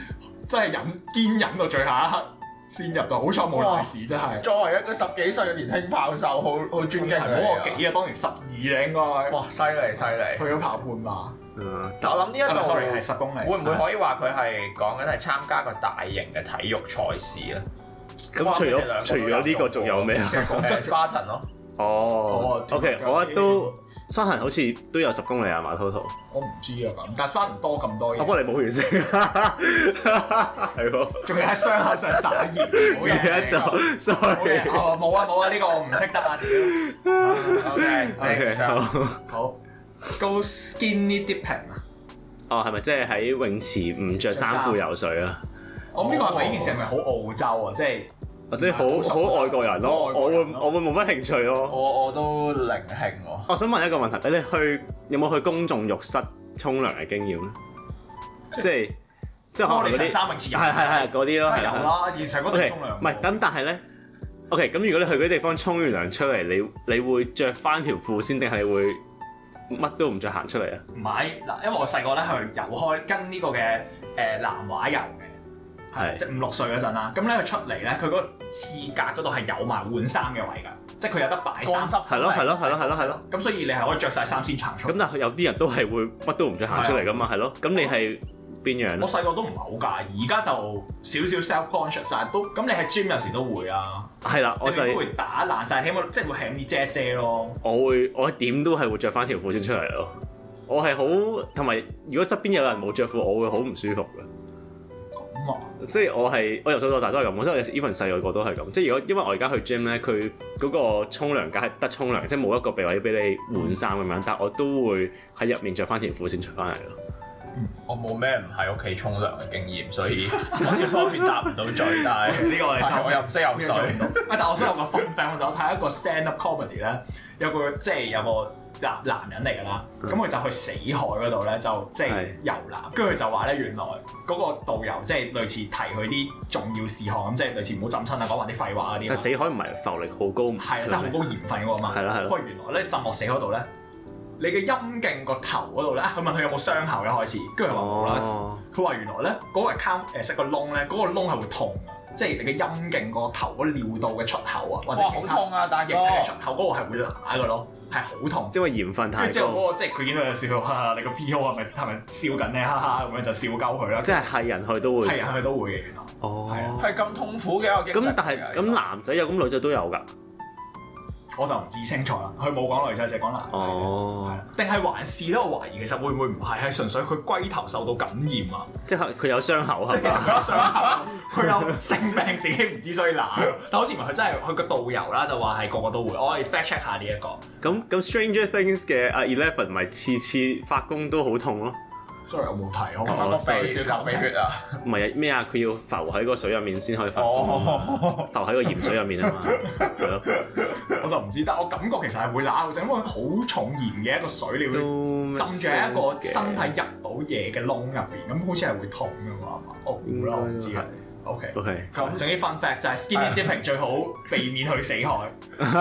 真係忍，堅忍，忍到最後一刻。先入到，好彩冇大事，哇真係。作為一個十幾歲嘅年輕炮手，好好尊敬佢啊。唔幾啊，當年十二咧應該。哇！犀利犀利。去咗跑半馬。嗯但。但我諗呢一度，係十公里。會唔會可以話佢係講緊係參加個大型嘅體育賽事咧？咁除咗除咗呢個，仲有咩啊？Spartan、 (laughs) 欸、咯。哦，OK，我都雙行好似都有十公里啊，馬 t o 我唔知啊，咁，但係翻唔多咁多嘢。不幫你冇完先，係仲要喺雙口上撒鹽，冇嘢一種。好嘅，哦，冇啊冇啊，呢個我唔識得啊啲。O K，好。好，Go skinny dip 啊？哦，係咪即係喺泳池唔着衫褲游水啊？我呢個係咪呢件事係咪好澳洲啊？即係。或者好好愛國人咯，我會我會冇乜興趣咯。我我都靈興喎。我想問一個問題，你哋去有冇去公眾浴室沖涼嘅經驗咧？即係即係嗰啲。係係係嗰啲咯。係啦，現實嗰度沖涼。唔係咁，但係咧，OK，咁如果你去嗰啲地方沖完涼出嚟，你你會著翻條褲先，定係你會乜都唔著行出嚟啊？唔係嗱，因為我細個咧去遊開，跟呢個嘅誒南華遊嘅，係即係五六歲嗰陣啦。咁咧佢出嚟咧，佢嗰。次格嗰度係有埋換衫嘅位㗎，即係佢有得擺衫濕。係咯，係咯，係咯，係咯，係咯。咁所以你係可以着晒衫先行出。咁但係有啲人都係會乜都唔着行出嚟㗎嘛，係咯。咁你係邊樣？我細個都唔係好介意，而家就少少 self-conscious 都。咁你喺 gym 有時都會啊。係啦，我就會打爛晒，起碼即係會係咁遮遮咯。我會，我點都係會着翻條褲先出嚟咯。我係好，同埋，如果側邊有人冇着褲，我會好唔舒服㗎。即係我係我由細到大都係咁，我甚至 even 細個個都係咁。即係如果因為我而家去 gym 咧，佢嗰個沖涼架係得沖涼，即係冇一個被位俾你換衫咁樣。但係我都會喺入面着翻條褲先出翻嚟咯。我冇咩唔喺屋企沖涼嘅經驗，所以我呢方面答唔到嘴、 (laughs) 啊。但係呢個我又唔識游水，但係我想有個 fun fact，我就睇一個 stand up comedy 咧，有個即係有個。男男人嚟㗎啦，咁佢、嗯、就去死海嗰度咧，就即、是、係遊覽，跟住佢就話咧，原來嗰個導遊即係類似提佢啲重要事項咁，即、就、係、是、類似唔好浸親啊，講埋啲廢話嗰啲。死海唔係浮力好高？係啊，真係好高鹽分㗎嘛。係啦係。佢原來咧浸落死海度咧，你嘅陰莖個頭嗰度咧，佢問佢有冇傷口一開始，跟住佢話冇啦。佢話、哦、原來咧嗰、那個坑誒識個窿咧，嗰個窿係會痛。即係你嘅陰莖個頭個尿道嘅出口啊，或者哇好痛啊！但係入體嘅出口嗰個係會攔嘅咯，係好痛。因為鹽分太。跟住之後嗰個即係佢見到就笑啊！你個 P O 係咪係咪笑緊咧？哈哈咁樣就笑鳩佢啦。即係係人去都會。係人去都會嘅原來。哦。係咁、啊、痛苦嘅我。咁但係咁男仔有，咁女仔、嗯、都有㗎。我就唔知清楚啦，佢冇講女仔，只講男仔啫，定係、哦、還是咧？我懷疑其實會唔會唔係，係純粹佢龜頭受到感染啊，即係佢有傷口係嘛？即係有傷口，佢有， (laughs) 有性病， (laughs) 自己唔知所以攔。 (laughs) 但好似話佢真係佢個導遊啦，就話係個個都會，我哋 fact check 下呢、這、一個。咁咁《Stranger Things》嘅啊 Eleven 咪次次發功都好痛咯、啊。sorry 我冇提，我話個鼻要吸狗鼻血啊 Okay.！唔係啊咩啊？佢要浮喺個水入面先可以瞓、oh. 浮，浮喺個鹽水入面啊嘛！ (laughs) 吧 (laughs) 我就唔知，得。我感覺其實係會拉，就因為好重鹽嘅一個水，你會浸住喺一個身體入到嘢嘅窿入邊，咁好似係會痛嘅嘛嘛，oh, Yeah. 我估啦，我唔知係。O K O K，咁總之分法就係 skinny dipping 最好避免去死海，唔係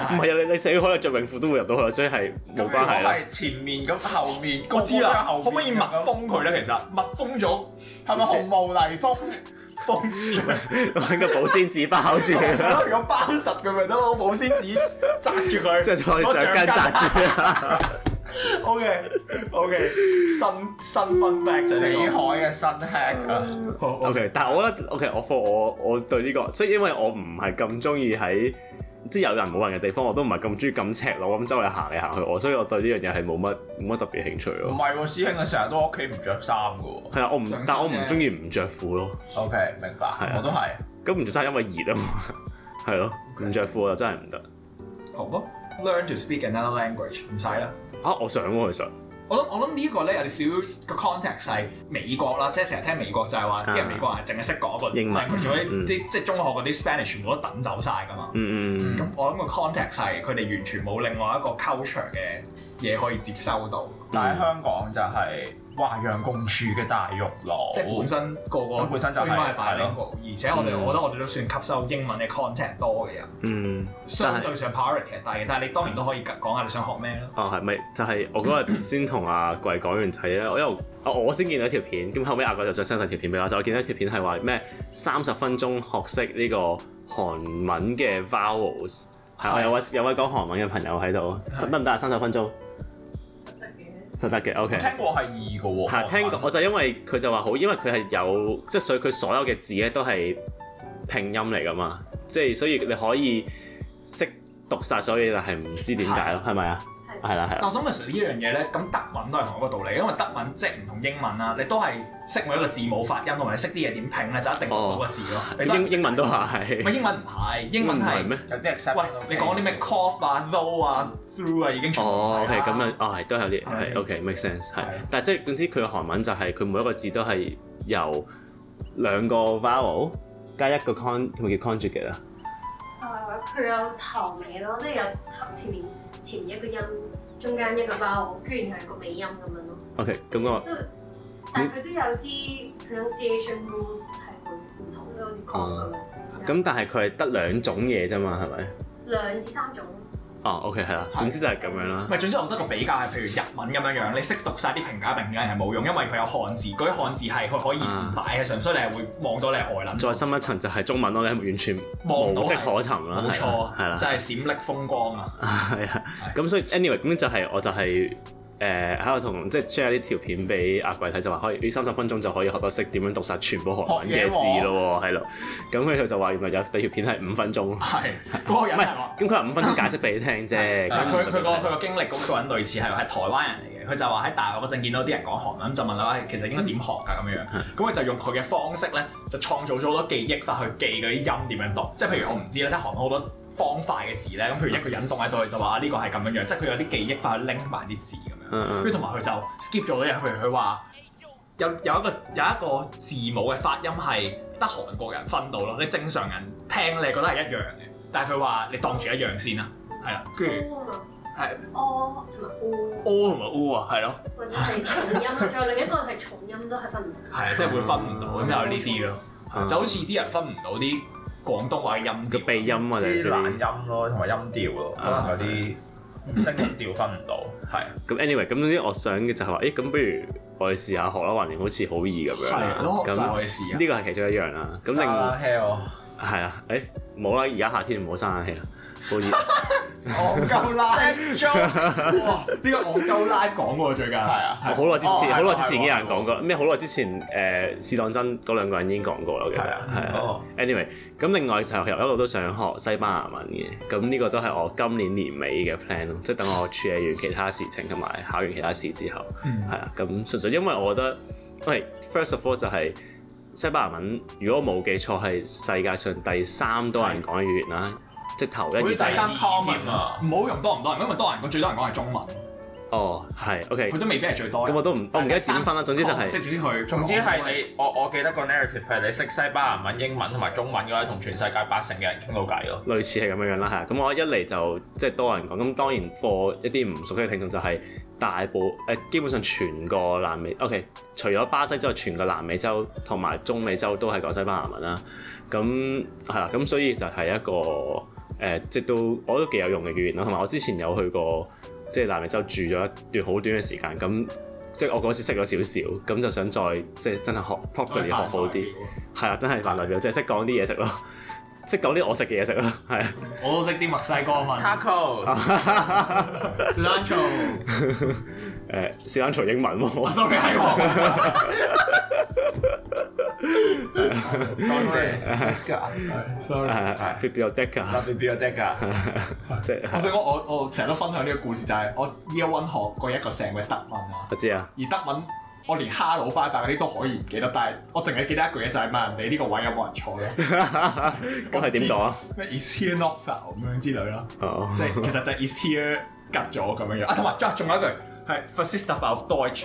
啊，你你死海你着泳褲都會入到去，所以係冇關係啦。係前面咁後面，我知啦，可唔可以密封佢咧？其實密封咗，係咪紅木泥封封住？揾個保鮮紙包住，如果包實佢咪得咯？保鮮紙紮住佢，即係再橡筋紮住。O K O K 新新婚白死海嘅新 hack 啊，O K，但係我覺得 O K 我科我我對呢個即係因為我唔係咁中意喺即係有人冇人嘅地方，我都唔係咁中意咁赤裸咁周圍行嚟行去，我所以我對呢樣嘢係冇乜冇乜特別興趣咯。唔係、啊，師兄啊，成日都喺屋企唔着衫噶。係啊，我唔但我唔中意唔着褲咯。OK，明白，對我都係。咁唔着衫因為熱啊嘛，係 (laughs) 咯對，唔着褲就真係唔得。好唔好？Learn to speak another language，唔使啦。啊！我想喎、啊，其實我諗我諗呢一個咧有啲少個 context 係美國啦，即係成日聽美國就係話，因為、啊、美國人淨係識講一個英文，但係啲即係中學嗰啲 Spanish 全部都抌走晒噶嘛。咁、嗯嗯嗯、我諗個 context 係佢哋完全冇另外一個 culture 嘅嘢可以接收到、嗯，但喺香港就係、是。華洋共處嘅大熔爐，即係本身個個本身就係，嗯、而且我哋，我覺得我哋都算吸收英文嘅 content 多嘅人，嗯，相對上 priority 大嘅，但係你當然都可以講下你想學咩咯。哦，係咪就係、是、我嗰日先同阿貴講完仔咧， (coughs) 我因為我先見到一條片，咁後尾阿貴就再 send 曬條片俾我，就我見到一條片係話咩？三十分鐘學識呢個韓文嘅 vowels，係我是有位有位講韓文嘅朋友喺度，得唔得啊？三十分鐘？實質嘅，OK 聽、啊。聽過係二嘅喎。係，聽我就因為佢就話好，因為佢係有，即係所以佢所有嘅字咧都係拼音嚟噶嘛，即、就、係、是、所以你可以識讀晒，所以嘢，但係唔知點解咯，係咪啊？係啦，係。但係呢樣嘢咧，咁德文都係同一個道理，因為德文即係唔同英文啊，你都係識每一個字母發音，同埋識啲嘢點拼咧，就一定係攞個字咯。英英文都係。唔係英文唔係，英文係。有啲 exception。喂，你講啲咩？Cough 啊，Though 啊，Through 啊，已經全部。哦，係咁啊，係，都有啲。OK，make sense。係，但係即係總之，佢嘅韓文就係佢每一個字都係由兩個 vowel 加一個 conson，叫 conjugate 啊。佢有頭尾咯，即係有頭前面前一個音，中間一個包，居然係個尾音咁樣咯。OK，咁我，但係佢都有啲 pronunciation rules 係會唔同，都好似咁樣。咁但係佢係得兩種嘢啫嘛，係咪、嗯？咧，兩至三種。哦、oh,，OK，係、right. 啦是，總之就係咁樣啦。唔係，總之我覺得個比較係，譬如日文咁樣樣，你識讀晒啲評價評價，係冇用，因為佢有漢字，嗰啲漢字係佢可以唔擺嘅，上、啊、所以你係會望到你係外撚。再深一層就係中文咯，你係完全望可到啦。冇錯，係啦是，是真係閃爍風光啊！係啊，咁所以 anyway，咁就係、是、我就係、是。誒喺度同即係 share 呢條片俾阿貴睇，就話可以三十分鐘就可以學到識點樣讀晒全部韓文嘅字咯，係、啊、咯。咁佢就話原來有第二條片係五分鐘，係嗰、那個、人唔係。咁佢話五分鐘解釋俾你聽啫。佢佢個佢個經歷嗰個人類似係係台灣人嚟嘅，佢就話喺大陸嗰陣見到啲人講韓文，就問啦，其實應該點學㗎咁樣？咁佢、嗯、就用佢嘅方式咧，就創造咗好多記憶法去記嗰啲音點樣讀。即係譬如我唔知咧，即係韓文好多方塊嘅字咧，咁譬如一個引動喺度，佢就話：呢個係咁樣樣，即係佢有啲記憶法去拎埋啲字咁樣。跟住同埋佢就 skip 咗啲嘢，譬如佢話有有一個有一個字母嘅發音係得韓國人分到咯，你正常人聽你係覺得係一樣嘅，但係佢話你當住一樣先啦。係啦，跟住 O 同埋 U。O 同埋 U 啊，係咯。或者係重音，仲有 (laughs) 另一個係重音都係分唔到。係啊，即係會分唔到咁有呢啲咯，就好似啲人分唔到啲廣東話音嘅鼻音，音，音啊，或者啲冷音咯，同埋音調咯，可能有啲聲音調分唔到。係咁，anyway，咁總之我想嘅就係、是、話，誒、欸、咁不如我去試下學啦，橫掂好似好易咁樣。係咯，我去試啊。呢個係其中一樣啦。咁另，係、欸、啊，誒冇啦，而家夏天唔好生冷氣啦，好熱。 (laughs) 我夠拉，呢個我夠拉講喎，最近。係啊，好耐之前，好耐之前已經有人講過。咩？好耐之前誒史當真，嗰兩個人已經講過啦。係啊，係啊。Anyway，咁另外就由一路都想學西班牙文嘅，咁呢個都係我今年年尾嘅 plan 咯，即係等我處理完其他事情同埋考完其他試之後，係啊。咁純粹因為我覺得，喂，first of all 就係西班牙文，如果冇記錯係世界上第三多人講嘅語言啦。佢第三 common 啊，唔好用多唔多人，因為多人講最多人講係中文。哦，係，OK，佢都未必係最多。咁我都唔，我唔記得三分啦。總之就係，總之係你，我我記得個 narrative 係你識西班牙文、英文同埋中文嘅話，同全世界八成嘅人傾到偈咯。類似係咁樣樣啦嚇，咁我一嚟就即係多人講，咁當然 for 一啲唔熟悉嘅聽眾就係大部誒基本上全個南美 OK，除咗巴西之外，全個南美洲同埋中美洲都係講西班牙文啦。咁係啦，咁所以就係一個。誒，即都，我都幾有用嘅語言咯。同埋我之前有去過，即係南美洲住咗一段好短嘅時間，咁即係我嗰時識咗少少，咁就想再即係真係學 properly 學好啲，係啊，真係泛來表，即係識講啲嘢食咯，識講啲我食嘅嘢食咯，係。我都識啲墨西哥文。Taco。Sanco。誒，Sanco 英文喎，我收你係我。哈 (laughs) 哈、 (laughs) uh, (laughs) 德克啊，sorry，比比較德克，比比較德克，即係我我成日都分享呢個故事就係、是、我依一温學過一個成個德文啊，我知啊，而德文我連哈嘍拜拜嗰啲都可以唔記得，但係我淨係記得一句嘢就係問人哋呢個位有冇人坐咯， (laughs) 今 (laughs) 我係點講咩？Ist hier noch frei? 咁樣之類咯，uh oh. 即係其實就係 Ist hier 隔咗咁樣樣啊？同埋再仲一句係 First stuff of Deutsch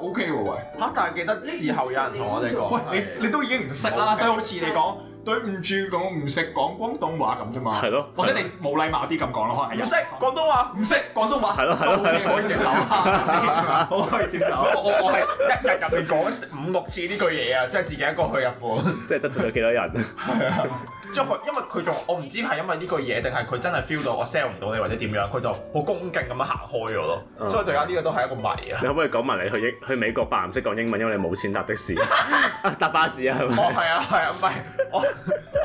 O K 喎，喂，嚇！但係記得事後有人同我哋講，喂，你你都已經唔識啦，所以好似你講對唔住咁，唔識講廣東話咁啫嘛。係咯，或者你冇禮貌啲咁講咯，可能係。唔識廣東話，唔識廣東話。係咯係咯，你可以接受啊，我可以接受。我我係一日入面講五六次呢句嘢啊，即係自己一個去日本，即係得罪咗幾多人啊？係啊。即、嗯、因為佢仲我唔知係因為呢個嘢定係佢真係 feel 到我 sell 唔到你或者點樣，佢就好恭敬咁樣行開咗咯。嗯、所以而家呢個都係一個謎啊！你可唔可以講埋你去英去美國，扮唔識講英文，因為你冇錢搭的士，搭、 (laughs) 啊、巴士係咪、 (laughs) 哦、啊？哦，係啊，係啊，唔係我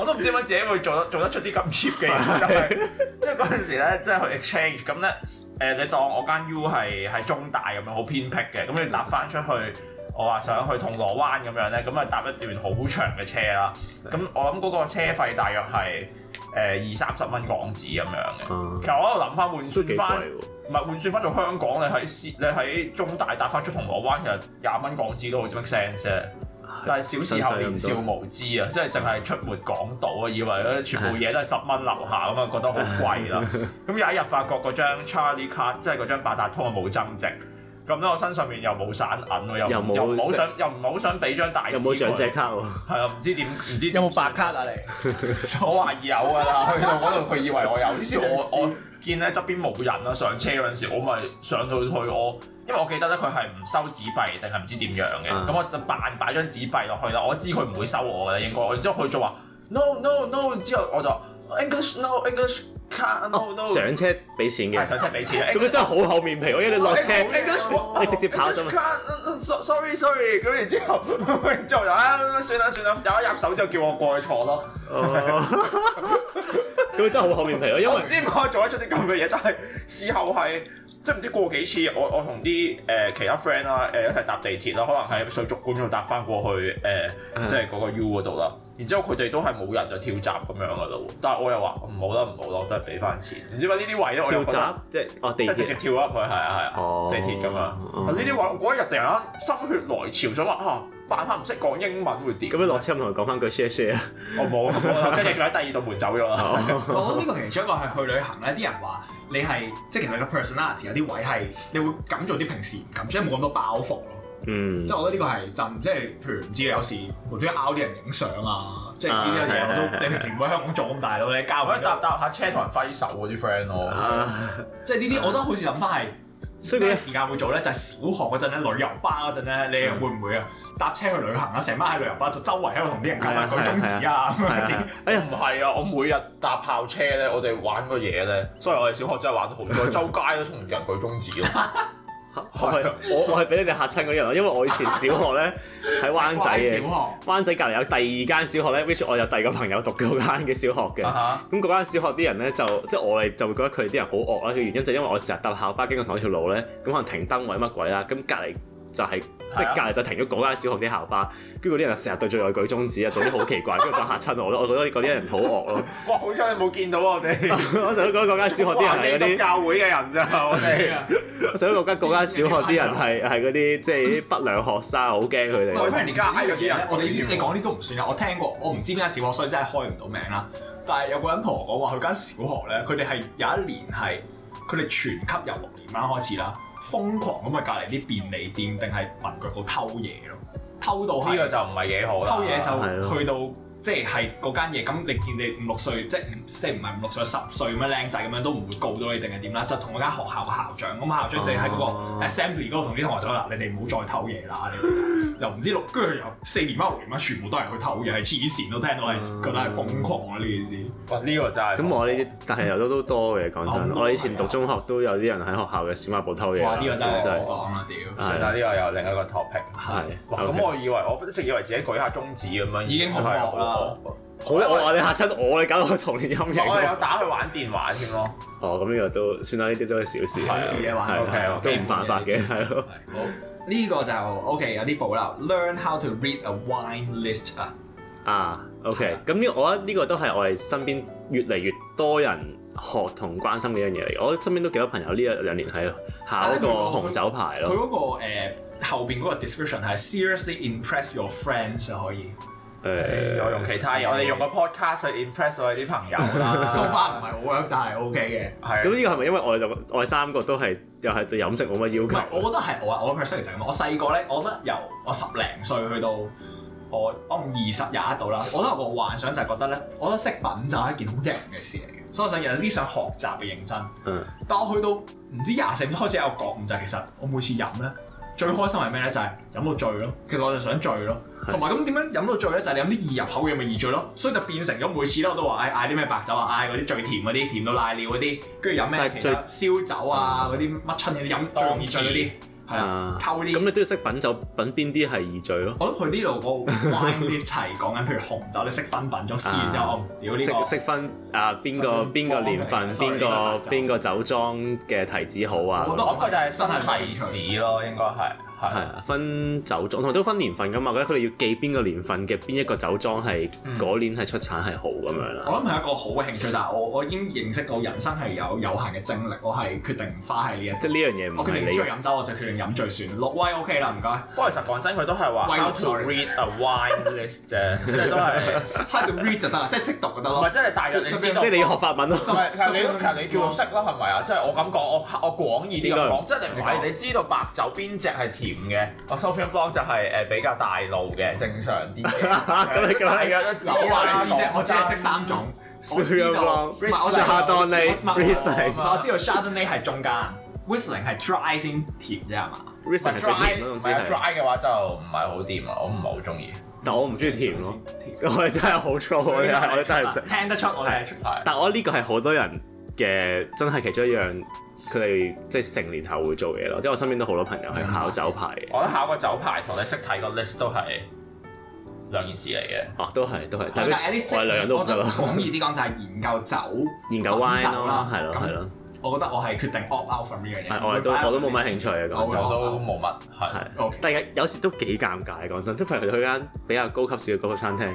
我都唔知點解自己會做得做得出啲咁 cheap 嘅嘢，就係因為嗰陣時咧即係去 exchange 咁咧，誒、呃、你當我間 U 係係中大咁樣好偏僻嘅，咁你搭翻出去。嗯 (laughs) 我話想去銅鑼灣咁樣呢，咁啊搭一段好長嘅車啦。咁我諗嗰個車費大約係誒、呃、二三十蚊港紙咁樣嘅。其實我喺度諗翻換算翻，唔係換算翻到香港你喺你喺中大搭翻出銅鑼灣，其實廿蚊港紙都好之乜聲啫。但係小時候年少無知啊，即係淨係出沒港島啊，以為全部嘢都係十蚊樓下咁啊，覺得好貴啦。咁 (laughs) 有一日發覺嗰張 Charlie 卡，即係嗰張八達通啊，冇增值。咁呢我身上面又冇散銀喎，又又唔好想，吃又唔好想俾張大紙喎。有冇長者卡喎？係啊，唔知點，唔知有冇白卡啊？你 (laughs) 我話有㗎啦， (laughs) 去到嗰度佢以為我有。於是我，我我見咧側邊冇人啦，上車嗰陣時，我咪上到去我，因為我記得咧佢係唔收紙幣定係唔知點樣嘅。咁、嗯、我就扮擺張紙幣落去啦，我知佢唔會收我㗎啦，應該。然之後佢就話：no no no。之後我就 English no English。No, no. 上車俾錢嘅， (laughs) 上車俾錢，咁佢真係好厚面皮， (laughs) 因為你落車， (laughs) (laughs) 你直接跑咗。Sorry sorry，咁然之後，然之後，然之後，啊、算啦算啦，有一入手之後叫我過去坐咯。咁佢 (laughs) (laughs) 真係好厚面皮咯，因為唔知點解做得出啲咁嘅嘢，但係事後係即係唔知過幾次，我我同啲誒其他 friend 啊誒一齊搭地鐵啦，可能喺水族館度搭返過去誒，即係嗰個 U 嗰度啦。然之後佢哋都係冇人就跳閘咁樣噶咯，但係我又話唔好啦，唔好啦，都係俾翻錢。唔知點解呢啲位都跳閘，我覺得即係、哦、直接跳入去，係啊係啊，地鐵咁啊。呢啲位，我嗰一日突然間心血來潮想話嚇，扮下唔識講英文會點？咁樣落車唔同佢講翻句 share share 啊！我冇，即落、哦、 (laughs) 車喺第二度門走咗啦。我覺得呢個其中一個係去旅行咧，啲人話你係即係其實個 personality 有啲位係你會敢做啲平時唔敢，即冇咁多包袱。嗯，即係我覺得呢個係真，即係譬如唔知有時無端端拗啲人影相啊，即係呢啲嘢我都，你平時唔會喺香港做咁大佬咧，交搭搭下車同人揮手嗰啲 friend 咯，即係呢啲我都好似諗翻係，需要啲時間會做咧，就係小學嗰陣咧，旅遊巴嗰陣咧，你會唔會啊？搭車去旅行啊，成班喺旅遊巴就周圍喺度同啲人講下舉中指啊，哎呀唔係啊，我每日搭校車咧，我哋玩個嘢咧，所以我哋小學真係玩得好多，周街都同人舉中指我係我係俾你哋嚇親嗰樣咯，因為我以前小學咧喺 (laughs) 灣仔嘅， (laughs) 灣仔隔離有第二間小學咧，which 我有第二個朋友讀嗰間嘅小學嘅，咁嗰、uh huh. 間小學啲人咧，就即係我哋就會覺得佢哋啲人好惡啦，個原因就因為我成日搭校巴經過同一條路咧，咁可能停燈位乜鬼啦，咁隔離。就係即係隔日就停咗嗰間小學啲校巴，跟住嗰啲人就成日對住我舉中指啊，做啲好奇怪，跟住就嚇親我咯。我覺得嗰啲人好惡咯。 (laughs) 哇！好彩你冇見到我哋。 (laughs) (laughs) 我， (laughs) 我想講嗰間小學啲人係嗰啲教會嘅人咋，我哋想嗰間嗰間小學啲人係係嗰啲即係不良學生，好驚佢哋。我哋教會嘅人我，我哋你講啲都唔算啊。我聽過，我唔知邊間小學，所以真係開唔到名啦。但係有個人同我講話，佢間小學咧，佢哋係有一年係佢哋全級由六年班開始啦。瘋狂咁啊！隔離啲便利店定係文具舖度偷嘢咯，偷到呢個就唔係幾好。偷嘢就去到。即係係嗰間嘢，咁你見你五六歲，即係五，即係唔係五六歲十歲咁樣僆仔咁樣都唔會告到你定係點啦？就同嗰間學校嘅校長，咁校長就喺個 assembly 嗰度同啲同學講啦，你哋唔好再偷嘢啦！又唔知六，跟住又四年班六年班全部都係去偷嘢，係黐線都聽到係覺得係瘋狂啊呢件事！哇，呢個真係咁我呢啲，但係都都多嘅講真，我以前讀中學都有啲人喺學校嘅小賣部偷嘢。哇，呢個真係我講啦，屌！但係，呢個又另一個 topic。係。哇，咁我以為我一直以為自己舉下中指咁樣已經好惡啦～好，我話你嚇親我，你搞到佢童年陰影。我係有打佢玩電話添咯。哦，咁呢個都算啦，呢啲都係小事。小事嘅話，都唔犯法嘅，係咯。好，呢個就 OK，有啲保留。Learn how to read a wine list 啊。啊，OK。咁呢，我覺得呢個都係我哋身邊越嚟越多人學同關心嘅一樣嘢嚟。我身邊都幾多朋友呢一兩年喺考個紅酒牌咯。佢嗰個誒、後邊嗰個 description 係 seriously impress your friends 可以。誒、嗯，我用其他嘢，嗯、我哋用個 podcast 去 impress 我哋啲朋友啦。收翻唔係好 work 但係 O K 嘅。係 (laughs) 的。咁呢個係咪因為我哋就我哋三個都係又係對飲食冇乜要求？唔係，我覺得係我我 personally 就係咁。我細個咧，我覺得我我由我十零歲去到我我二十廿一度啦，我都有個幻想就係覺得咧，我覺得識品就係一件好型嘅事嚟嘅。所以我想有啲想學習嘅認真。但我去到唔知廿四開始有個覺悟，就係、其實我每次飲咧。最開心係咩咧？就係、是、飲到醉咯。其實我就想醉咯，同埋咁點樣飲到醉咧？就係、是、你飲啲易入口嘅咪易醉咯。所以就變成咗每次咧，我都話嗌嗌啲咩白酒啊，嗌嗰啲最甜嗰啲，甜到瀨尿嗰啲，跟住飲咩其他燒酒啊嗰啲乜春嗰啲飲最易醉嗰啲。啊！偷啲咁你都要識品酒，品邊啲係易醉咯。我諗佢呢度個 wine list 齊講緊，譬如紅酒，你識品品咗先，試完之後我屌呢個識識分啊邊個邊個年份、邊個邊個酒莊嘅提子好啊。嗯、樣我覺得佢就係真係提子咯，應該係。係啊，分酒莊同埋都分年份㗎嘛，覺得佢哋要記邊個年份嘅邊一個酒莊係嗰年係出產係好咁樣啦。我諗係一個好嘅興趣，但係我我已經認識到人生係有有限嘅精力，我係決定唔花喺呢一即係呢樣嘢。我決定唔出去飲酒，我就決定飲醉算。六威 OK 啦，唔該。不過其實講真，佢都係話 how to read a wine list 啫，即係都係，how to read 就得啦，即係識讀就得咯。唔係，即係大約，即係你要學法文咯。其實你叫做識咯，係咪啊？即係我咁講，我我廣義啲咁講，即係唔係你知道白酒邊隻係甜？甜嘅，我 Sauvignon Blanc 就係誒比較大路嘅，正常啲嘅。我係約咗走，我只係識三種。我知下當利我知道下當利係中間 Riesling 係 dry 先甜啫係嘛？Riesling 係 dry 嗰種，dry 嘅話就唔係好掂。啊，我唔係好中意。但我唔中意甜咯，我哋真係好粗嘅，我真係聽得出我哋係出牌。但我呢個係好多人嘅，真係其中一樣。佢哋即係成年後會做嘢咯，因為我身邊都好多朋友係考酒牌嘅。我覺得考個酒牌同你識睇個 list 都係兩件事嚟嘅。哦，都係都係，但係 list 我覺得講易啲講就係研究酒，研究 wine 咯，係咯係咯。我覺得我係決定 opt out from 呢樣嘢，我都我都冇乜興趣嘅講酒。我都冇乜，係係。但係有時都幾尷尬，講真，即係譬如去間比較高級少嘅高級餐廳，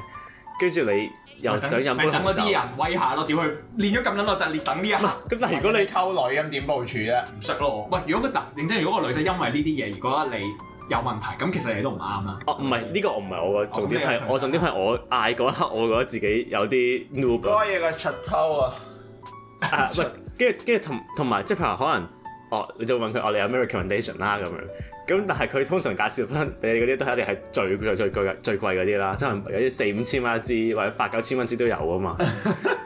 跟住你。又想飲，係等嗰啲人威下咯，屌佢！練咗咁撚耐就練等呢一。唔係，咁就如果你溝女咁點部署啫，唔識咯。喂，如果嗱認真，如果個女仔因為呢啲嘢，如果你有問題，咁其實你都唔啱啊！哦不，唔係呢個，我唔係我嘅重點係，我重點係我嗌嗰一刻，我覺得自己有啲唔該嘢嘅出偷啊。 (laughs) 啊，跟住跟住同同埋即係譬如可能，哦，你就問佢，我哋有咩 recommendation 啦、啊、咁樣。咁但係佢通常介紹翻俾你嗰啲都係一定係最最最，最貴最貴嗰啲啦，即係有啲四五千蚊一支或者八九千蚊一支都有啊嘛。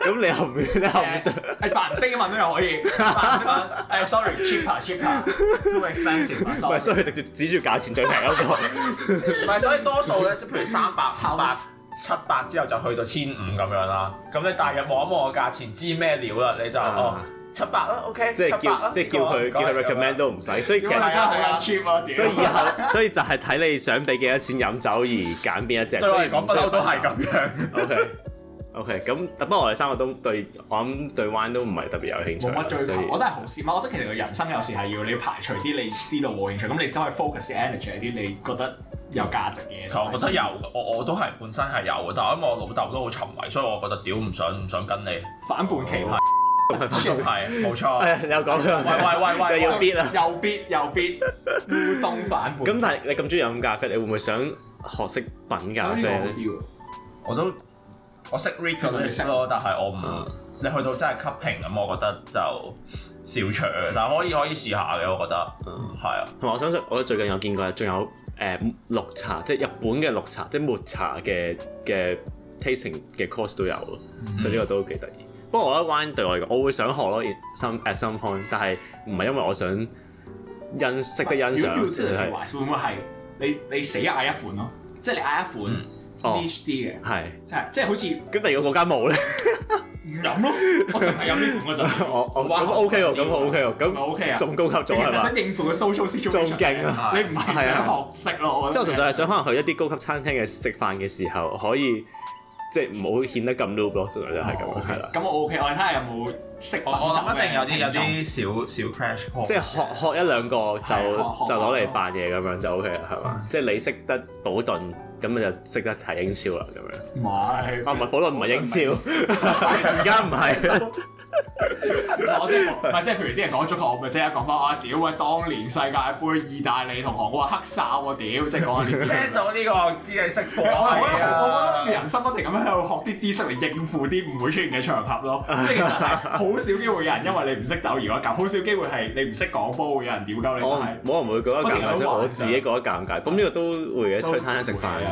咁 (laughs) (laughs) 你又唔，你又唔想、 (laughs) 欸？誒百萬蚊都又可以。誒、 (laughs) 欸，sorry，cheaper，cheaper，too expensive、啊。唔係， (laughs) 所以直接指住價錢最平嗰個。唔係，所以多數咧，即係譬如三百、八百、七百之後就去到千五咁樣啦。咁你大約望一望個價錢，知咩料啦？你就哦。Uh. (laughs) 七百咯，OK，七百咯，即係叫佢叫佢 recommend 都唔使，所以其實真係好 cheap 啊！所以以後，所以就係睇你想俾幾多錢飲酒而揀邊一隻。所以講不嬲都係咁樣。OK，OK，咁不過我哋三個都對，我諗對 wine 都唔係特別有興趣。冇乜追求，我都係好事。我覺得其實人生有時係要你排除啲你知道冇興趣，咁你先可以 focus energy 啲你覺得有價值嘅嘢。我覺得有，我我都係本身係有，但係因為我老豆都好沉迷，所以我覺得屌唔想唔想跟你反叛期仲係冇錯，又講佢，又要變啦，又變又變烏冬版本。咁但係你咁中意飲咖啡，你會唔會想學識品咖啡咧？哎？我，、啊、我都我識 recognise 咯，但係我唔你去到真係 cupping 咁，我覺得就少長，但可以可以試下嘅，我覺得嗯係啊。同埋我相信，我最近有見過，仲有誒、呃、綠茶，即係日本嘅綠茶，即係抹茶嘅嘅 tasting 嘅 course 都有，嗯、所以呢個都幾得意。不過我覺得 wine 對我嚟講，我會想學咯，some at some point，但係唔係因為我想欣識得欣賞。要即係即係，會唔會係你你死嗌一款咯？即係你嗌一款 n 嘅，係即係即係好似。咁第二個國家冇咧，唔飲咯。我淨係飲呢款，我就我我咁 OK 喎，咁 OK 喎，咁 OK 啊，仲高級咗。其實想應付個 social situation。仲勁啊！你唔係想學識咯？即係我純粹係想可能去一啲高級餐廳嘅食飯嘅時候可以。即係唔好顯得咁 low budget 就係咁，係啦、oh, okay. 吧。咁我 OK，我睇下有冇識我，就一定有啲有啲少少 crash。即係學會會學,學一兩個就對就攞嚟扮嘢咁樣會會、嗯、就 OK 啦，係嘛？即係你識得保頓。咁咪就識得睇英超啦，咁樣。唔係是，啊唔係保羅唔係英超，而家唔係。我即係，唔係即係譬如啲人講足球，我咪即刻講翻我屌啊！當年世界盃，意大利同韓國黑哨我屌，即係講呢啲。 (laughs) 聽到呢、這個知係識、啊、我覺得人生不停咁喺度學啲知識嚟應付啲唔會出現嘅場合咯。即係其實係好少機會有人因為你唔識走而攰，好少機會係你唔識講波會有人屌鳩你。我冇人會覺得尷尬，我自己覺得尷尬。咁呢個都會餐食都 飯、啊。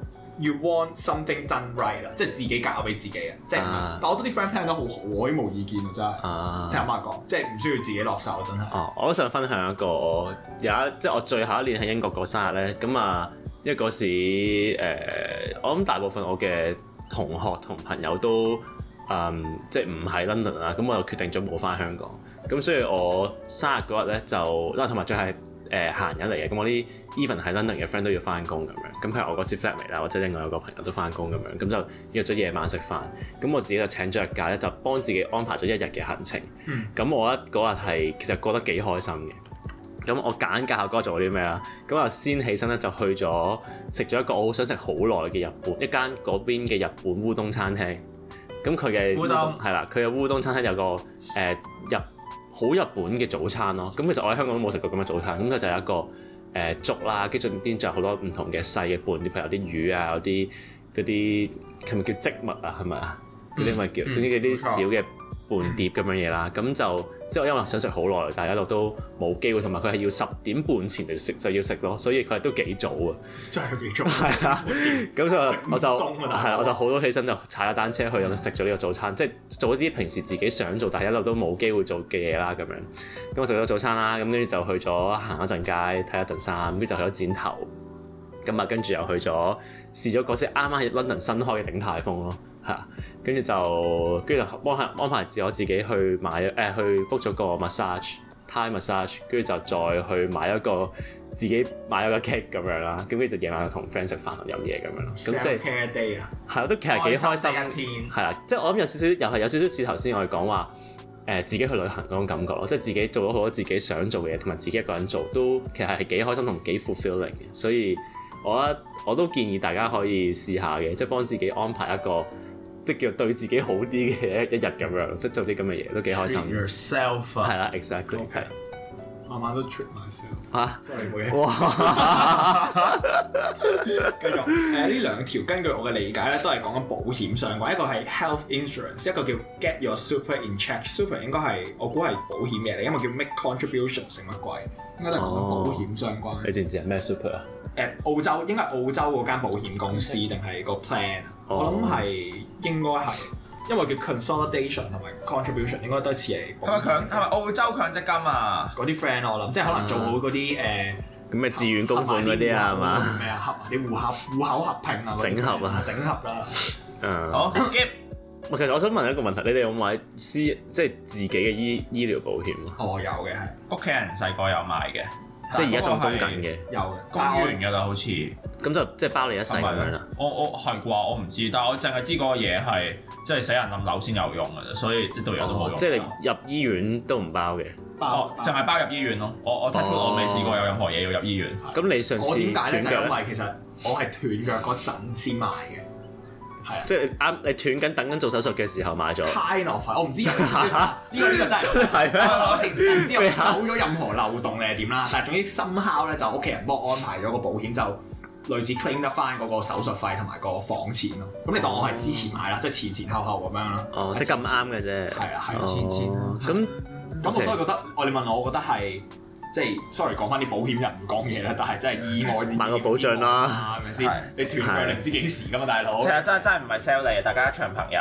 You want something done right 啊，即係自己教俾自己啊，即係。但我覺得啲 friend 聽得好好冇意見啊真係。聽阿媽講，即係唔需要自己落手真係。啊，我都想分享一個有一即係我最後一年喺英國過生日咧，咁啊，因為嗰時、呃、我諗大部分我嘅同學同朋友都嗯、呃、即係唔喺 London 啊，咁我又決定咗冇翻香港，咁所以我生日嗰日咧就都係同埋最係誒閒人嚟嘅，咁、呃、我啲。Even 喺 London 嘅 friend 都要翻工咁樣，咁譬如我嗰時 flatmate 啦，或者另外有個朋友都翻工咁樣，咁就約咗夜晚食飯。咁我自己就請咗日假咧，就幫自己安排咗一日嘅行程。嗯。咁我一嗰日係其實過得幾開心嘅。咁我揀教下嗰日做啲咩啦？咁啊先起身咧就去咗食咗一個我好想食好耐嘅日本，一間嗰邊嘅日本烏冬餐廳。咁佢嘅烏冬係啦，佢嘅烏冬餐廳有個誒日好日本嘅早餐咯。咁其實我喺香港都冇食過咁嘅早餐，咁佢就有一個。誒粥啦，跟住入邊仲有好多唔同嘅細嘅伴碟，譬如有啲魚啊，有啲嗰啲係咪叫植物啊？係咪啊？嗰啲咪叫、嗯嗯、總之嗰啲小嘅伴碟咁樣嘢啦，咁、嗯、就。之後因為想食好耐，但係一路都冇機會，同埋佢係要十點半前就食就要食咯，所以佢係都幾早啊！真係幾早，係啊、 (laughs) (laughs) 嗯。咁就我就係我就好早起身就踩架單車去咁食咗呢個早餐，即係做一啲平時自己想做但係一路都冇機會做嘅嘢啦咁樣。咁我食咗早餐啦，咁跟住就去咗行一陣街，睇一陣衫，跟住就去咗剪頭。咁啊，跟住又去咗試咗嗰次啱啱 London 新開嘅鼎泰豐咯。嚇，跟住、 (noise) 啊、就跟住就幫嚇安排自我自己去買誒、呃、去 book 咗個 massage Thai massage，跟住就再去買一個自己買咗個 cake 咁樣啦，咁跟住就夜晚同 friend 食飯同飲嘢咁樣咯。咁即係係啊，都其實幾開心。感天係啊，即係我諗有少少又係有少少似頭先我哋講話誒自己去旅行嗰種感覺咯，即係自己做咗好多自己想做嘅嘢，同埋自己一個人做都其實係幾開心同幾 fulfilling 嘅，所以我覺得我都建議大家可以試下嘅，即係幫自己安排一個。即係叫對自己好啲嘅一一日咁樣，即做啲咁嘅嘢都幾開心。treat yourself。係啦，exactlyok。慢慢都 treat myself。嚇！sorry 唔好嘅。哇！繼續誒呢兩條，根據我嘅理解咧，都係講緊保險相關。一個係 health insurance，一個叫 get your super in check。super 應該係我估係保險嘅嘢嚟，因為叫 make contribution 成乜鬼，應該都係講緊保險相關。你知唔知係咩 super 啊？誒，澳洲應該係澳洲嗰間保險公司定係個 plan，我諗係應該係，因為叫 consolidation 同埋 contribution 應該都係似嚟。係咪強，係咪澳洲強積金啊？嗰啲 friend 我諗即係可能做好嗰啲誒，咁嘅自願供款嗰啲啊，係嘛？咩啊，合你戶口戶口合併啊？整合啊，整合啦。嗯。好，skip。其實我想問一個問題，你哋有冇買私即係自己嘅醫醫療保險哦，有嘅係，屋企人細個有買嘅。但即係而家仲供緊嘅，有嘅，包完嘅啦，好似咁就即係包你一世㗎啦。我我係啩，我唔知，但係我淨係知嗰個嘢係即係死人冧樓先有用嘅啫，所以即係到而家都冇用。哦。即係你入醫院都唔包嘅，包淨係、哦、包入醫院咯。我我 t、哦、我未試過有任何嘢要入醫院。咁你上次斷腳咧？我點解咧？就因為其實我係斷腳嗰陣先賣嘅。係啊，即係啱你斷緊等緊做手術嘅時候買咗，太攞快，我唔知有冇嚇呢個呢個真係。係啊，我唔知有冇走咗任何漏洞你係點啦，但係總之深敲咧就屋企人幫我安排咗個保險，就類似 clean 得翻嗰個手術費同埋個房錢咯。咁你當我係之前買啦，即係前前後後咁樣咯。哦，即係咁啱嘅啫。係啊，係啊，前前咁咁我所以覺得，我哋問我，我覺得係。即係，sorry，講翻啲保險人唔講嘢啦，但係真係意外啲嘢。買個保障啦，係咪先？你斷尾嚟唔知幾時噶嘛，大佬。其實真係真係唔係 sell 你，大家一場朋友。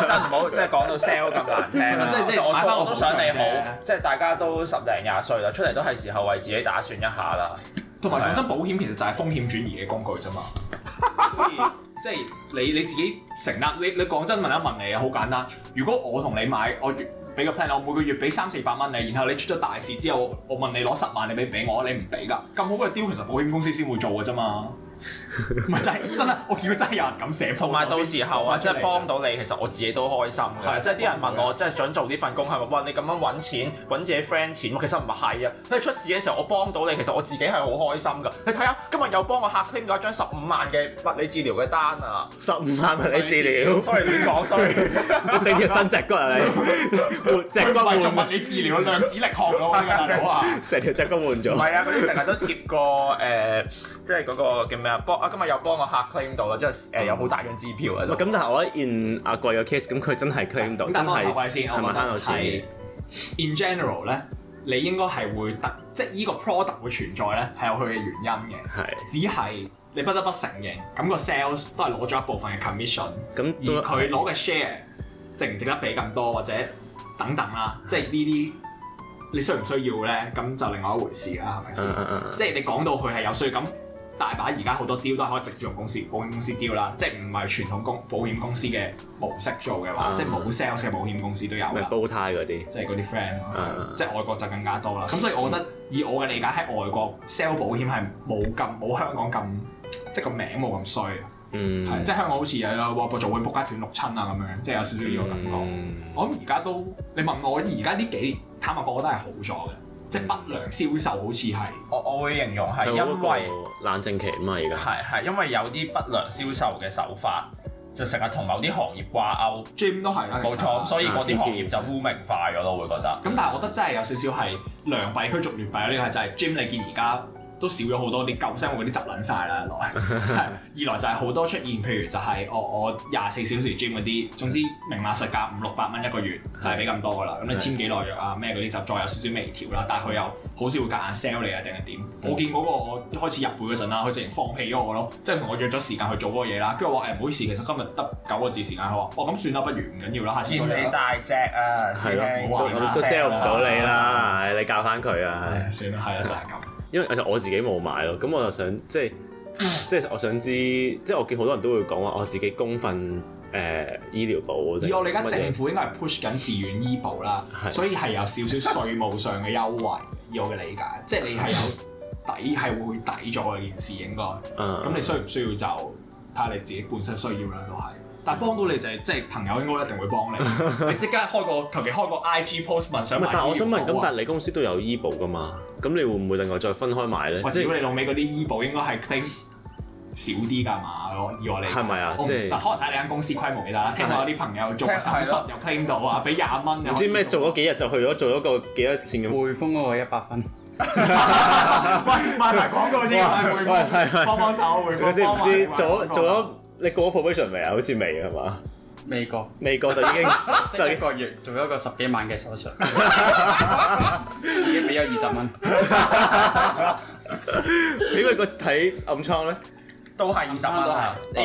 真唔好，即係講到 sell 咁難聽啦。即係我買翻，我都想你好，即係大家都十零廿歲啦，出嚟都係時候為自己打算一下啦。同埋講真，保險其實就係風險轉移嘅工具啫嘛。所以即係你你自己承擔。你你講真問一問你啊，好簡單。如果我同你買，我。俾個 plan，我每個月俾三四百蚊你，然後你出咗大事之後，我問你攞十萬，你俾唔俾我？你唔俾噶，咁好嘅 deal 其實保險公司先會做嘅啫嘛。唔係真係真啊！我見到真係有人咁寫，同埋到時候啊，即係幫到你，其實我自己都開心嘅。係即係啲人問我，即係想做呢份工係咪？哇！你咁樣揾錢，揾自己 friend 錢，其實唔係啊。你出事嘅時候，我幫到你，其實我自己係好開心㗎。你睇下今日又幫我客 claim 咗一張十五萬嘅物理治療嘅單啊！十五萬物理治療，sorry 亂講，sorry。整條新隻骨嚟，你。骨換。佢話做物理治療量子力抗到啊！成條隻骨換咗。唔係啊！佢啲成日都貼個誒，即係嗰個叫咩啊？啊！今日又幫個客 claim 到啦，即係誒有好大張支票啊！咁但係我 In 阿貴嘅 case，咁佢真係 claim 到，我我先，真係係咪？In general 咧，你應該係會得，即係依個 product 會存在咧，係有佢嘅原因嘅。係。只係你不得不承認，咁個 sales 都係攞咗一部分嘅 commission。咁、嗯嗯、而佢攞嘅 share 值唔值得俾咁多，或者等等啦，即係呢啲你需唔需要咧？咁就另外一回事啦，係咪先？即係你講到佢係有需要咁。大把而家好多丟都係可以直接用公司保險公司丟啦，即係唔係傳統公保險公司嘅模式做嘅話，嗯、即係冇 sales 嘅保險公司都有啦。煲呔嗰啲，即係嗰啲 friend，即係外國就更加多啦。咁、嗯、所以我覺得，以我嘅理解喺外國 sell 保險係冇咁冇香港咁，即係個名冇咁衰。嗯，係即係香港好似有話做會撲街斷六親啊咁樣，即係有少少呢個感覺。嗯、我諗而家都你問我而家呢幾年，坦白講我都係好咗嘅。即不良銷售好似係，嗯、我我會形容係因為冷靜期啊嘛，而家。係係因為有啲不良銷售嘅手法，就成日同某啲行業掛鈎，Gym 都係啦，冇錯，實所以嗰啲行業就污名化咗咯，我會覺得。咁、嗯、但係我覺得真係有少少係良幣驅逐劣幣，呢個係就係、是、Gym 你見而家。都少咗好多，啲舊生活嗰啲集撚晒啦。來、就是，二來就係好多出現，譬如就係、是、我我廿四小時 gym 嗰啲，總之明碼實價五六百蚊一個月就係、是、比咁多噶啦。咁是的 你簽幾耐約啊咩嗰啲就再有少少微調啦。但係佢又好少會夾硬 sell 你啊定係點？我見嗰個我一開始入會嗰陣啦，佢直情放棄咗我咯，即係同我約咗時間去做嗰個嘢啦。跟住話誒，唔、欸、好意思，其實今日得九個字時間。佢話哦咁算啦，不如唔緊要啦，下次再。你大隻啊，唔好話唔得 sell 唔到你啦了，你教翻佢啊。算啦，係啦，就係、是、咁。 (laughs) (laughs) (laughs) 因為我自己冇買咯，咁我就想即係即係我想知，即係我見好多人都會講話我自己供份誒醫療保。而我哋而家政府應該係 push 緊自願醫保啦，的所以係有少少稅務上嘅優惠，以我嘅理解，即係你係有抵，係會抵咗嘅件事應該。咁、嗯、你需唔需要就睇下你自己本身需要啦，都係。但幫到你就係即係朋友應該一定會幫你，你即刻開個求其開個 I P post 問想買。唔係，但係我想問咁，但係你公司都有醫保噶嘛？咁你會唔會另外再分開買咧？或者如果你老尾嗰啲醫保應該係 claim 少啲㗎嘛？我我哋係咪啊？即係可能睇你間公司規模幾大啦。聽我啲朋友做手術又 claim 到啊，俾廿蚊。唔知咩做咗幾日就去咗做咗個幾多錢嘅？匯豐嗰個一百分賣埋廣告啲啊，匯豐幫幫手，匯豐。唔知唔知做做咗。你過咗 provision 未啊？好似未啊，係嘛？未過，未過就已經即係一個月做咗一個十幾萬嘅手術，自己俾咗二十蚊。點解個睇暗瘡咧，都係二十蚊。都係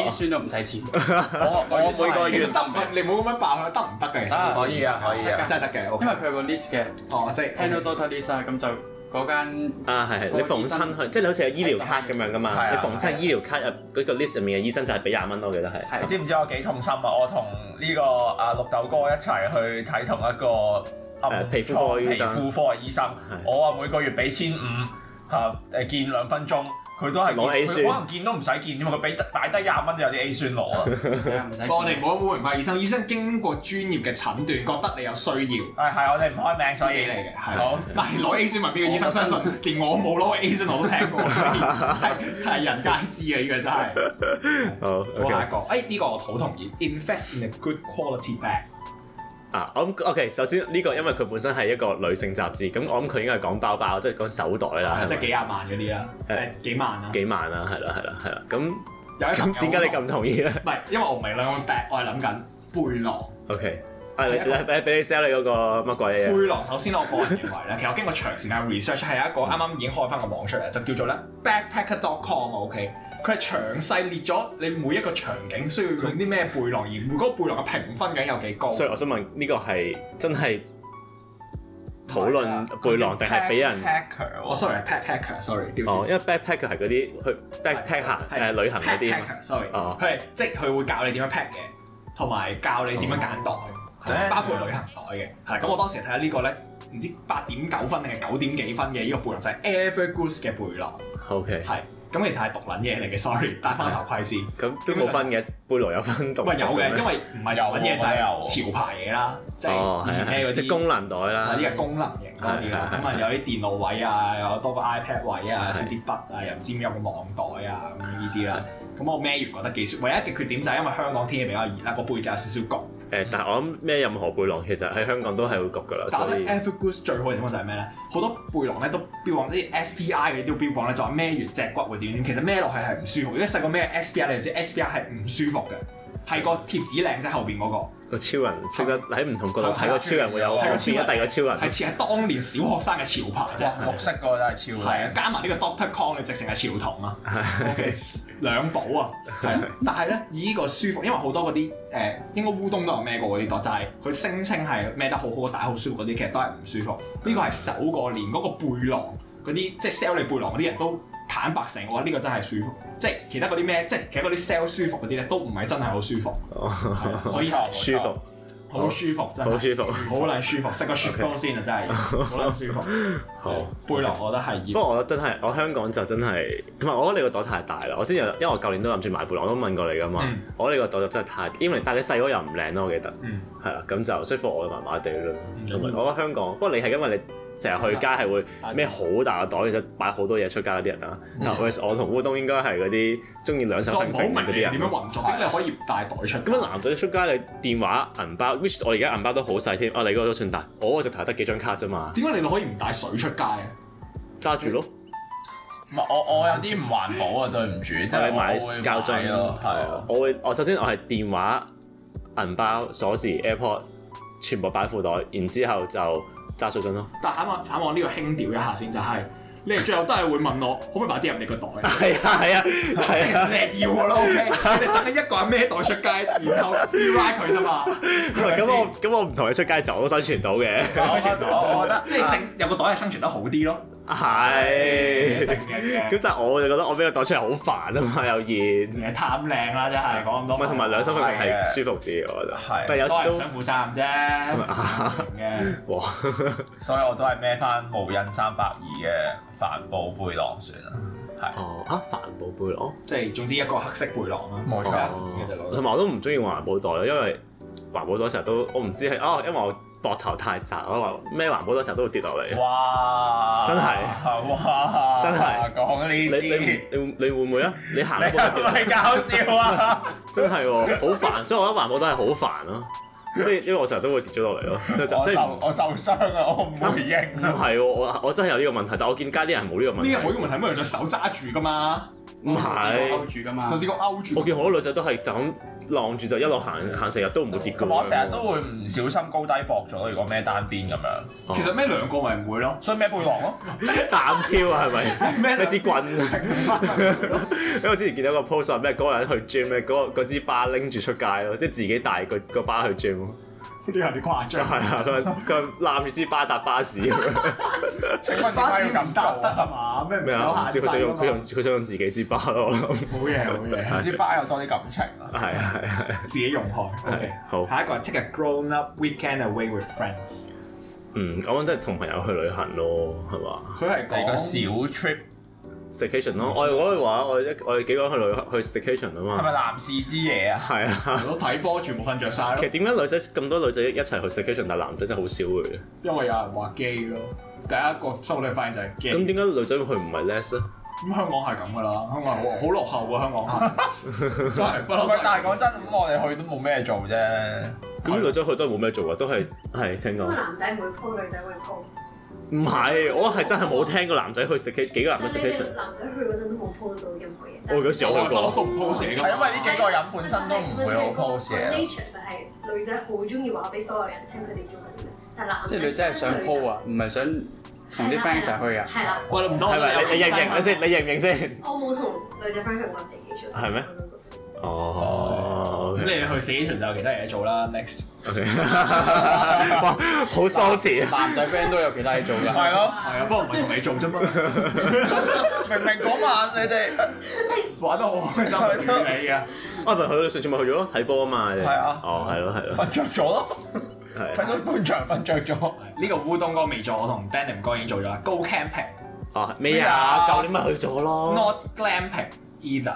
A 酸都唔使錢。我我每個月得你唔好咁樣爆佢得唔得㗎？可以啊，可以啊，真係得嘅。因為佢有個 list 嘅，哦，即係 handle doctor Lisa 咁就。嗰間啊，係係，你逢親佢，即係你好似有醫療卡咁樣噶嘛？你逢親醫療卡入嗰個 list 入面嘅醫生就係俾廿蚊，我記得係。你知唔知我幾痛心啊？我同呢個啊綠豆哥一齊去睇同一個皮膚科醫生，皮膚科嘅醫生，我話每個月俾千五嚇，誒見兩分鐘。佢都係攞 A 酸，可能見都唔使見啫嘛，佢俾擺低廿蚊就有啲 A 酸攞啊！ (laughs) 我哋冇冇唔白醫生？醫生經過專業嘅診斷，覺得你有需要。誒，係我哋唔開名，所以嚟嘅，係。攞攞 A 酸問邊個醫生？相信連我冇攞 A 酸我都聽過，係係人皆知啊。呢個真係。下一個。誒，呢個我好同意。Invest in a good quality bag。我 OK，首先呢個因為佢本身係一個女性雜誌，咁我諗佢應該係講包包，即係講手袋啦，對吧即係幾廿萬嗰啲啦，誒、欸、幾萬啦、啊，幾萬啦、啊，係啦係啦係啦，咁點解你咁同意咧？唔係，因為我唔係兩百，我係諗緊背囊。OK，誒俾俾你 sell 你嗰個乜鬼啊？背囊首先我個人認為咧，其實我經過長時間 research 係 (laughs) 一個啱啱已經開翻個網出嚟，就叫做咧 backpacker.com、er. e r OK。佢係詳細列咗你每一個場景需要用啲咩背囊，而每個背囊嘅評分究竟有幾高。所以我想問，呢個係真係討論背囊，定係俾人？哦，sorry，packer，sorry p a。哦，因為 backpacker 係嗰啲去 pack pack 行誒旅行嗰啲。sorry，佢係即係佢會教你點樣 pack 嘅，同埋教你點樣揀袋，包括旅行袋嘅。係咁，我當時睇下呢個咧，唔知八點九分定係九點幾分嘅呢個背囊就係 e v e r g o o s e 嘅背囊。OK，係。咁其實係獨撚嘢嚟嘅，sorry，戴翻頭盔先。咁都冇分嘅，背囊有分獨。唔係有嘅，因為唔係獨撚嘢就係潮流牌嘢啦，即係以前咧嗰啲功能袋啦，呢個功能型嗰啲啦，咁啊有啲電腦位啊，有多個 iPad 位啊，set 啲筆啊，又唔知有個網袋啊，咁依啲啦。咁我孭完覺得幾舒服，唯一嘅缺點就係因為香港天氣比較熱啦，個背脊有少少焗。誒，但係我諗孭任何背囊其實喺香港都係會焗㗎啦。打得 Evergoods 最好嘅地方就係咩咧？好多背囊咧都標榜啲 S P I 嘅，都標榜咧就孭完脊骨會點點。其實孭落去係唔舒服，因為細個孭 S P I 你就知 S P I 係唔舒服嘅，係、嗯、個貼紙領，即係後邊嗰、那個。個超人識得喺唔同角度睇個 (noise) 超人會有啊，似咗第二個超人，係似係當年小學生嘅潮牌啫，綠、啊、色嗰個真係超人。係啊，加埋呢個 Doctor Kong，你直成係潮童啊。OK， (laughs) 兩寶啊，但係咧，以呢、呢個舒服，因為好多嗰啲誒，應該烏冬 oo 都有孭過嗰啲多，就係、係、佢聲稱係孭得好好，但係好舒服嗰啲，其實都係唔舒服。呢、呢個係首個連嗰個背囊嗰啲，即係 sell 你背囊嗰啲人都。坦白成嘅話，呢個真係舒服，即係其他嗰啲咩，即係其他嗰啲 sell 舒服嗰啲咧，都唔係真係好舒服， (laughs) 所以嘛，舒服，好 (laughs) 舒服，真係好舒服，好 (laughs) 撚舒服，食個雪糕先啊，Okay. 真係好撚舒服。 (laughs) (laughs) 背囊我覺得係。 (music) 不過我覺得真係，我香港就真係，同埋我覺得你個袋太大啦。我之前因為我舊年都諗住買背囊我都問過你噶嘛。嗯、我覺得你個袋就真係太，因為但係你細個又唔靚咯，我記得。嗯。係啦，咁就舒服我麻麻地咯。嗯、我覺得香港，不過你係因為你成日去街係會帶咩好大個袋，然後擺好多嘢出街嗰啲人啦。我同烏冬應該係嗰啲中意兩手拎拎嗰啲人。點樣、嗯、運作？咁你可以唔帶袋出？咁、啊、男仔出街你電話銀包，which 我而家銀包都好細添。哦、啊，你嗰個都算大。我個就頭得幾張卡咋嘛？點解你可以唔帶水出？揸住咯， (laughs) 唔係，我我有啲唔環保啊，對唔住， (laughs) 即係買膠樽咯，係，我會我首先我係電話、銀包、鎖匙、AirPod 全部擺褲袋，然之後就揸水樽咯。但反望反望呢個輕調一下先，就係。你哋最後都係會問我，可唔可以擺啲入你個袋？係啊係啊，即係你要我咯，OK？你等你一個人孭袋出街，然後 f 拉佢啫嘛。咁我咁我唔同你出街嘅時候，我都生存到嘅， (laughs) 我覺得即係整有個袋係生存得好啲咯。係，咁但係我就覺得我俾佢袋出嚟好煩啊嘛，又熱，你貪靚啦真係講咁多，同埋兩手分別係舒服啲，我覺得。係。但係有時都唔想負責任啫。咁啊，嘅。所以我都係孭翻無印三百二嘅帆布背囊算啦。係。哦。啊，帆布背囊。即係總之一個黑色背囊啦。冇錯。同埋我都唔中意環保袋咯，因為環保袋成日都我唔知係啊，因為我。膊頭太窄，我話咩環保多時候都會跌落嚟。哇！真係的哇！真係講呢啲你你你，你會唔會啊？你行你係咪搞笑啊？ (laughs) 真係喎、哦，好煩！所以我覺得環保都係好煩咯，即係 (laughs) 因為我成日都會跌咗落嚟咯，受 (laughs) 即係即我，我受傷啊！我唔會應啊！唔係喎，我我真係有呢個問題，但我見街啲人冇呢個問題。啲人冇呢個問題，乜人再手揸住㗎嘛？唔係，甚至個勾住噶嘛，甚至個勾住。我見好多女仔都係就咁晾住就一路行行，成日都唔會跌咁、嗯、這樣 我成日都會唔小心高低搏駁咗，如果咩單邊咁樣。其實咩兩個咪唔會咯，所以孭背囊咯，單挑啊係咪？孭支兩 (laughs) 枝棍。 (laughs) (laughs) (laughs) (laughs) 因為我之前見到個 post 話咩嗰個人去 gym 咩嗰支巴拎住出街咯，即係自己帶個個巴去 gym。呢啲有啲誇張， (laughs) (laughs) 係啊！佢佢攬住支巴搭巴士、 (laughs) (laughs) 啊，巴士咁得係嘛？咩唔有限制？佢想、 (laughs) 啊、用佢用佢想用自己支巴咯。好嘢好嘢，總之巴有多啲感情。係係係，自己用開。O K，好。 (laughs) 下一個係即係 grown up weekend away with friends。嗯，咁樣即係同朋友去旅行咯，係嘛？佢係講小 trip。cation 咯，我哋嗰句話，我一我哋幾個去旅行去 staycation 啊嘛。係咪男士之夜啊？係啊，我睇波，全部瞓着晒咯。其實點解女仔咁多女仔一齊去 staycation，但係男仔真係好少去？因為有人話 gay 咯，第一個心裏面發現就係 gay。咁點解女仔去唔係 less？咁香港係咁噶啦，香港好落後啊！香港，真係唔係。但係講真，咁我哋去都冇咩做啫。咁女仔去都係冇咩做啊，嗎都係係真噶。男仔唔會 po，女仔會 po。唔係，我係真係冇聽過男仔去 staycation，幾幾個男嘅 staycation 男仔去嗰陣都冇 po 到任何嘢。我嗰時我去過。係因為呢幾個人本身都唔會我 po 嘅。staycation 就係女仔好中意話俾所有人聽佢哋做乜嘢，但係男。即係女仔係想 po 啊？唔係想同啲 friend 一齊去啊？係啦，我唔得。係咪？你認唔認先？你認唔認先？我冇同女仔 friend 去過 staycation 係咩？哦，咁、oh, okay. 你去四幾層就有其他嘢做啦。Next，Okay. (laughs) 哇，好 sorry，男仔 friend 都有其他嘢做噶，係咯 (laughs) 了，係啊了，不過唔係同你做啫嘛。 (laughs) 明明嗰晚你哋玩得好開心，點 (laughs) 了你 (laughs) 啊？去去你啊，唔係去咗上次咪去咗咯，睇波啊嘛。係啊著，哦，係咯，係咯，瞓着咗咯，睇到半場瞓着咗。呢 (laughs) 個烏冬哥未做，我同 Denim 哥已經做咗啦。Go camping，哦咩啊？舊、啊啊、年咪去咗咯。Not glamping either。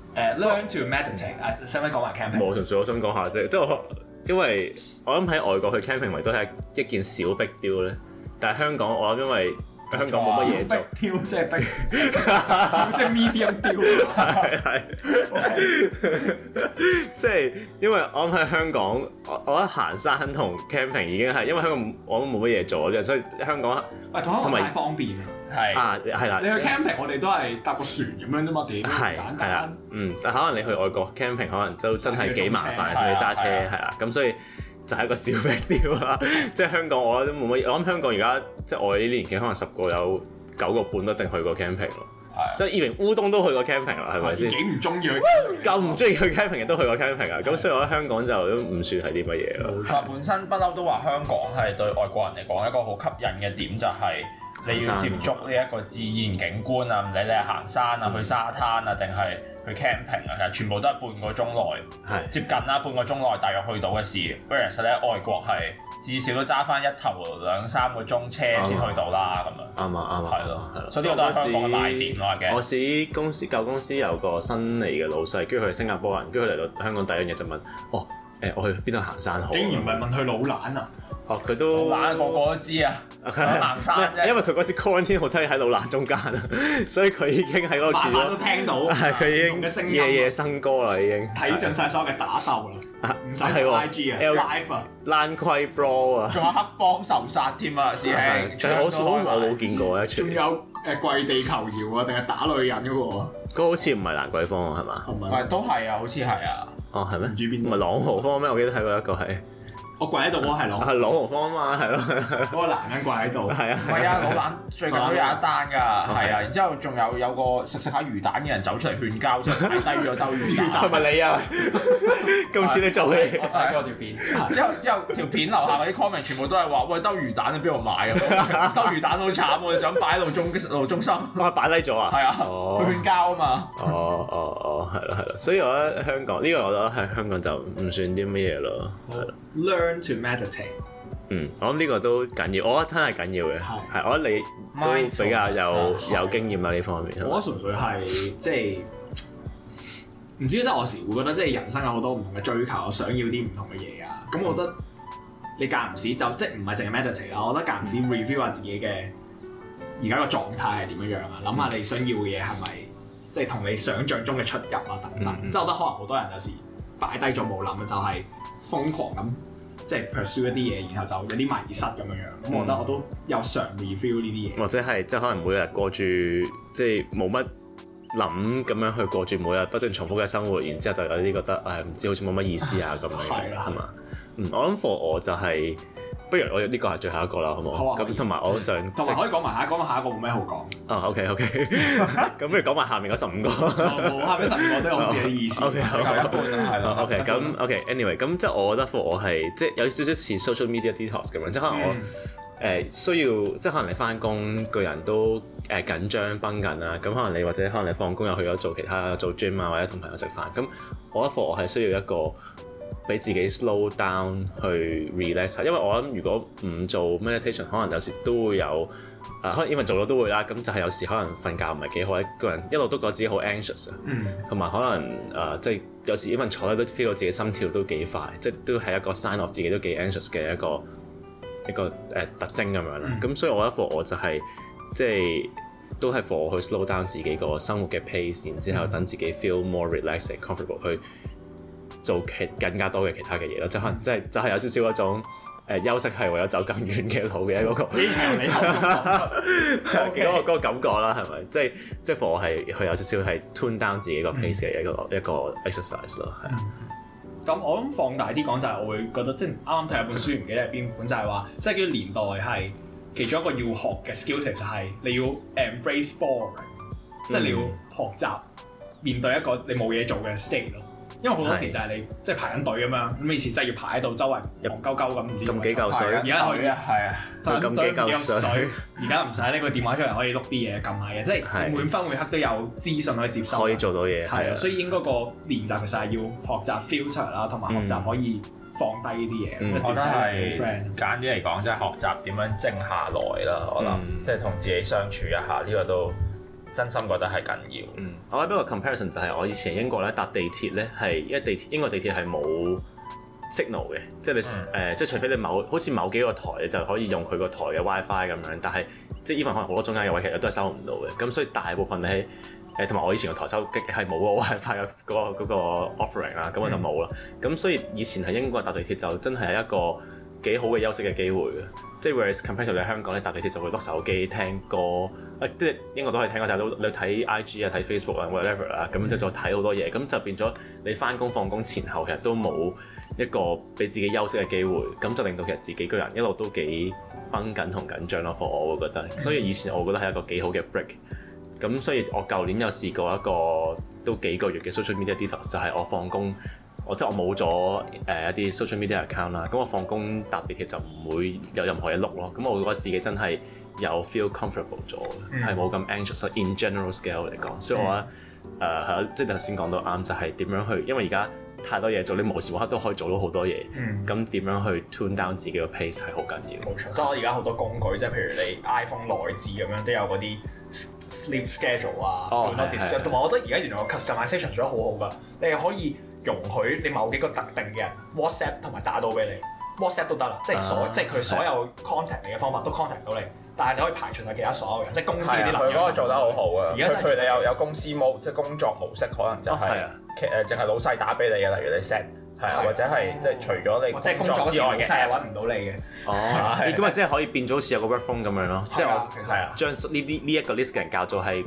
誒、uh,，learn to meditate 使唔使講下 camping。冇，純粹，我想講下啫，即係因為我諗喺外國去 camping 咪都係一件小逼雕咧，但係香港我諗因為香港冇乜嘢做，雕即係逼，即係 (laughs) (laughs) medium 雕 (laughs) (laughs) 是，係係，即係因為我喺香港，我覺得行山同 camping 已經係因為香港我都冇乜嘢做啫，所以香港同埋方便係啊，係啦。你去 camping，我哋都係搭個船咁樣啫嘛，地都簡單。嗯，但可能你去外國 camping，可能都真係幾麻煩，要揸車係啦。咁所以就係一個小撇掉啦。即係香港，我都冇乜。我諗香港而家即係我哋呢啲年紀，可能十個有九個半都一定去過 camping 咯。即係意味烏冬都去過 camping 啦，係咪先？幾唔中意去？咁唔中意去 camping 亦都去過 camping 啊。咁所以我喺香港就都唔算係啲乜嘢咯。本身不嬲都話香港係對外國人嚟講一個好吸引嘅點，就係。你要接觸呢一個自然景觀啊，唔理你係行山啊、去沙灘啊，定係去 camping 啊，其實全部都係半個鐘內是接近啦，半個鐘內大約去到嘅事。不過其實咧，外國係至少都揸翻一頭兩三個鐘車先去到啦，咁吧樣。啱啊啱，係咯係咯。所以我都係香港嘅賣點嚟嘅。我司公司舊公司有個新嚟嘅老細，跟住佢係新加坡人，跟住佢嚟到香港第一日就問：哦，誒、欸，我去邊度行山好？竟然唔係問佢老蘭啊！佢都個個都知啊，上南，因為佢嗰時 quarantine hotel 都喺老蘭中間，所以佢已經喺嗰度住，晚晚都聽到。佢已經夜夜笙歌啦，已經睇盡晒所有嘅打鬥啦，唔使上 IG 啊，live 啊，蘭桂 b r a w 啊，仲有黑幫仇殺添啊，師兄。係我好，我冇見過一出。仲有誒跪地求饒啊，定係打女人嗰個？個好似唔係蘭桂坊啊，係嘛？唔係，都係啊，好似係啊。哦，係咩？唔知邊？唔係朗豪坊咩？我記得睇過一個係。我跪喺度，我係朗，係朗豪坊啊嘛，係咯，嗰個男人跪喺度，係啊，唔係啊，老闆最近都有一單㗎，係啊的，然之後仲有有個食食下魚蛋嘅人走出嚟勸交，擺低咗兜魚蛋，係咪你啊？今 (laughs) 次你做嘅，都係俾條片的之。之後之後條片樓下嗰啲 comment 全部都係話：喂，兜魚蛋喺邊度買啊？兜魚蛋好慘喎，就擺喺路中路中心，擺低咗啊？係啊，佢勸交啊嘛。哦哦哦，係咯係咯，所以我覺得香港呢個我覺得喺香港就唔算啲乜嘢咯。meditate 嗯，我諗呢個都緊要，我覺得真係緊要嘅，係的我覺得你都比較有有經驗啦呢方面，的方面我純粹係 (laughs) 即係唔知，即係我有時會覺得，即係人生有好多唔同嘅追求想要啲唔同嘅嘢啊。咁我覺得你間唔時就，就即係唔係淨係 meditate 啦，我覺得間唔時 review 下自己嘅而家個狀態係點樣樣啊，諗下你想要嘅嘢係咪即係同你想象中嘅出入啊等等、嗯嗯、等等。即係我覺得可能好多人有時擺低咗冇諗，就係、是、瘋狂咁。即係 pursue 一啲嘢，然後就有啲迷失咁樣樣，咁我覺得我都有常 feel 呢啲嘢。或者係即係可能每日過住即係冇乜諗咁樣去過住每日不斷重複嘅生活，然之後就有啲覺得誒唔知好似冇乜意思啊咁 (laughs) 樣嘅，係嘛？嗯吧， (laughs) 我諗 for 我就係、是。不如我呢個係最後一個啦，好唔好？好啊，咁同埋我想，同埋可以講埋下，講埋下一個冇咩好講。啊，OK OK，咁不如講埋下面嗰十五個。下面十五個都係我自己嘅意思，就一 OK，咁 OK，anyway，咁即係我覺得 for 我係即係有少少似 social media detox 咁樣，即係可能我誒需要，即係可能你返工個人都誒緊張繃緊啊。咁可能你或者可能你放工又去咗做其他做 gym 啊，或者同朋友食飯，咁我覺得 for 我係需要一個。俾自己 slow down 去 relax，因為我諗如果唔做 meditation，可能有時都會有誒，可能 even 做咗都會啦。咁、嗯、就係、是、有時可能瞓覺唔係幾好，一個人一路都覺得自己好 anxious 啊。同埋可能誒，即、呃、係、就是、有時 even 坐咧都 feel 到自己心跳都幾快，即係都係一個 sign of 自己都幾 anxious 嘅一個一個誒、呃、特徵咁樣啦。咁、嗯嗯、所以我覺得我就係、是、即係都係 for 我去 slow down 自己個生活嘅 pace，然後之後等自己 feel more relaxed，comfortable 去。做其更加多嘅其他嘅嘢咯，就可能即係就係有少少一種誒、呃、休息係為咗走更遠嘅路嘅一個、, (laughs) 那個，嗰個嗰個感覺啦，係咪？即係即係我係佢有少少係 tune down 自己個 pace 嘅、嗯那個 pace 嘅一個一個 exercise 咯，係啊。咁、嗯、我諗放大啲講就係我會覺得，即係啱啱睇一本書唔 (laughs) 記得係邊本,本就，就係話即係叫年代係其中一個要學嘅 skill 其實係你要 embrace boring 即係是、嗯、你要學習面對一個你冇嘢做嘅 state 咯。因為好多時就係你即係排緊隊咁樣，咁以前真係要排喺度，周圍黃鳩鳩咁，唔知用幾嚿水。而家可以，係啊，佢咁幾嚿水，而家唔使拎個電話出嚟，可以碌啲嘢撳下嘢，即係每分每刻都有資訊可以接收。可以做到嘢，係啊，所以應該個練習就係要學習 future 啦，同埋學習可以放低呢啲嘢。我覺得係簡單啲嚟講，即係學習點樣靜下來啦。可能即係同自己相處一下，呢個都。真心覺得係緊要。嗯，我喺一個 comparison 就係我以前喺英國咧搭地鐵咧係，因為地英國地鐵係冇 signal 嘅，即係你誒、嗯呃，即係除非你某好似某幾個台，你就可以用佢個台嘅 WiFi 咁樣。但係即係 even 可能好多中間嘅位其實都係收唔到嘅，咁所以大部分你喺誒同埋我以前個台收極係冇個 WiFi 嘅嗰個嗰個 offering 啦，咁我就冇啦。咁、嗯、所以以前喺英國搭地鐵就真係係一個。幾好嘅休息嘅機會嘅，即係 whereas compare to 你香港咧搭地鐵就會碌手機聽歌，啊即係英文都可以聽㗎，但你睇 IG 啊睇 Facebook 啊 whatever 啦，咁就再睇好多嘢，咁就變咗你翻工放工前後其實都冇一個俾自己休息嘅機會，咁就令到其實自己個人一路都幾繃緊同緊張咯。我會覺得，所以以前我覺得係一個幾好嘅 break，咁所以我舊年有試過一個都幾個月嘅 social media detox，就係、是、我放工。即係我冇咗誒一啲 social media account 啦，咁我放工搭地鐵就唔會有任何嘢碌咯。咁我覺得自己真係有 feel comfortable 咗，係冇咁 anxious。In general scale 嚟講，所以我話誒係即係頭先講到啱，就係、是、點樣去，因為而家太多嘢做，你無時無刻都可以做到好多嘢。咁點、嗯、樣去 tune down 自己嘅 pace 係好緊要。冇錯，所以我而家好多工具，即係譬如你 iPhone 內置咁樣都有嗰啲 sleep schedule 啊，同埋、哦、對我覺得而家原來個 customisation 做得好好㗎，你係可以。容許你某幾個特定嘅人 WhatsApp 同埋打到俾你 WhatsApp 都得啦，即係所即係佢所有 contact 你嘅方法都 contact 到你，但係你可以排除曬其他所有人，即係公司啲佢嗰個做得好好啊！而家佢哋譬如你有有公司模，即係工作模式可能就係誒淨係老細打俾你嘅，例如你 set 係啊，或者係即係除咗你工作之外嘅，老細揾唔到你嘅哦，咁啊即係可以變咗好似有個 workphone 咁樣咯，即係話係啊，將呢啲呢一個 list 嘅人教做係。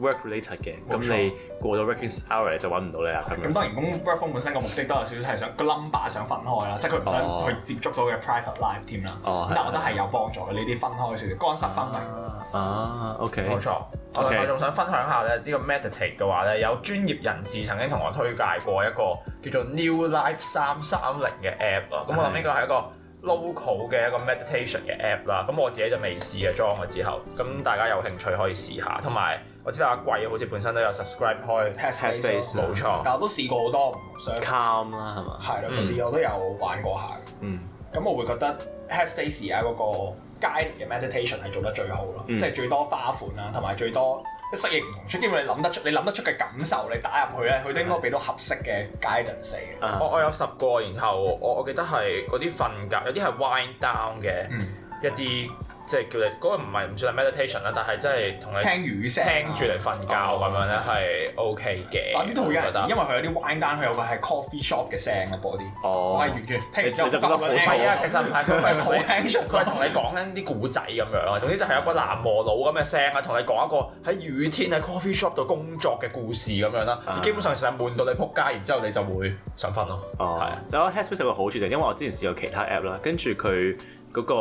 work-related 嘅，咁你過咗 working hour 就揾唔到你啦。咁當然工 work from 本身個目的都有少少係想個 number 想分開啦，即係佢唔想去接觸到嘅 private life 添啦。哦，但我覺得係有幫助嘅呢啲分開少少，乾濕分明。啊，OK，冇錯。我我仲想分享下咧，呢個 meditate 嘅話咧，有專業人士曾經同我推介過一個叫做 New Life 三三零嘅 app 啊。咁我諗呢個係一個 Local 嘅一個 meditation 嘅 app 啦，咁我自己就未試啊 join 咗之後，咁大家有興趣可以試下。同埋我知道阿、啊、貴好似本身都有 subscribe 開 Headspace 冇錯，但我都試過好多，Calm 啦係嘛，係咯嗰啲我都有玩過下。嗯，咁我會覺得 Headspace 啊嗰個,個 guided meditation 係做得最好咯，嗯、即係最多花款啦，同埋最多。適應唔出，因為你諗得出，你諗得出嘅感受，你打入去咧，佢都應該俾到合適嘅 guidance 嘅。我我有十個，然後我我記得係嗰啲瞓覺，有啲係 wind down 嘅、嗯、一啲。即係叫你嗰個唔係唔算係 meditation 啦，但係真係同你聽雨聲，聽住嚟瞓覺咁樣咧係 OK 嘅。但呢套好得意，因為佢有啲 wind down，佢有個係 coffee shop 嘅聲啊播啲，係完全聽完之後覺得好其實唔係佢係 poem 佢係同你講緊啲古仔咁樣咯。總之就係有個南磨佬咁嘅聲啊，同你講一個喺雨天喺 coffee shop 度工作嘅故事咁樣啦。基本上成日悶到你仆街，然之後你就會想瞓咯。哦，係啊。第一 Headspace 嘅好處就係因為我之前試過其他 app 啦，跟住佢。嗰個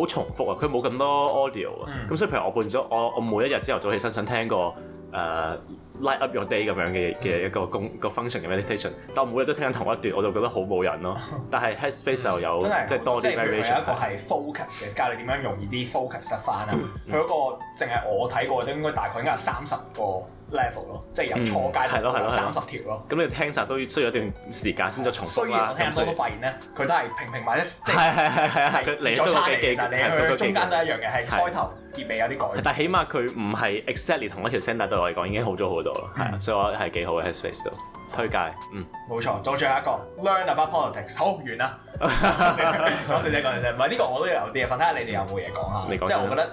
好重複啊，佢冇咁多 audio 啊，咁、嗯、所以譬如我半咗我我每一日朝頭早起身想聽個誒、uh, light up your day 咁樣嘅嘅一、嗯、一個功一個 function 嘅 meditation，但我每日都聽緊同一段我就覺得好冇癮咯。但係 Headspace 又、嗯、有即係多啲 variation。一個係 focus 嘅， (laughs) 教你點樣容易啲 focus 得翻啊。佢嗰、 (laughs) 嗰個淨係我睇過都應該大概應該係三十個。level 咯，即係由初階到三十條咯。咁你聽晒都要需要一段時間先再重複啦。咁所以，雖然我聽多都發現咧，佢都係平平一者。係係係係係。佢嚟咗嘅，其實嚟去中間都一樣嘅，係開頭結尾有啲改。但係起碼佢唔係 exactly 同一條聲，但係對我嚟講已經好咗好多咯。係啊，所以我係幾好嘅。Space 都推介。嗯，冇錯，再最後一個 Learn about politics。好，完啦。講笑啫，講笑啫。唔係呢個我都要留啲嘅，睇下你哋有冇嘢講啊。你講即係我覺得。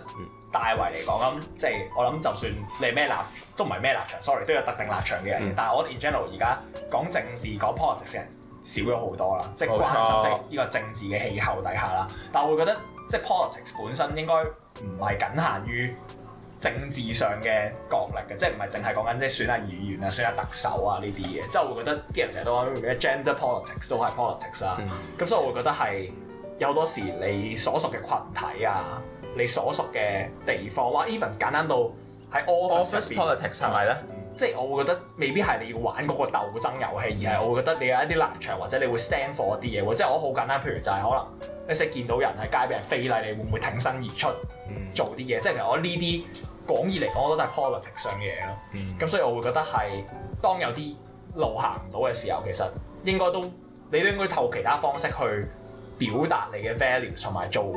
大圍嚟講咁，即係我諗，就算你咩立都唔係咩立場，sorry，都有特定立場嘅人。嗯、但係我覺得 in general 而家講政治講 politics 人少咗好多啦，即係關心即係呢個政治嘅氣候底下啦。但係我會覺得即係 politics 本身應該唔係僅限於政治上嘅角力嘅，即係唔係淨係講緊即係選下議員啊、選下特首啊呢啲嘢。即係我會覺得啲人成日都話咩 gender politics 都係 politics 啊。咁、嗯、所以我會覺得係有好多時你所屬嘅群體啊。你所屬嘅地方，哇！even 簡單到喺 office, office politics 上係咪咧？即係我會覺得未必係你要玩嗰個鬥爭遊戲，mm. 而係我會覺得你有一啲立場，或者你會 stand for、mm. 一啲嘢喎。即係我好簡單，譬如就係可能你識見到人喺街俾人非禮，你會唔會挺身而出、mm. 做啲嘢？即係其實我呢啲廣義嚟講，我都係 politics 上嘅嘢咯。咁、mm. 所以我會覺得係當有啲路行唔到嘅時候，其實應該都你應該都你應該透過其他方式去表達你嘅 values 同埋做。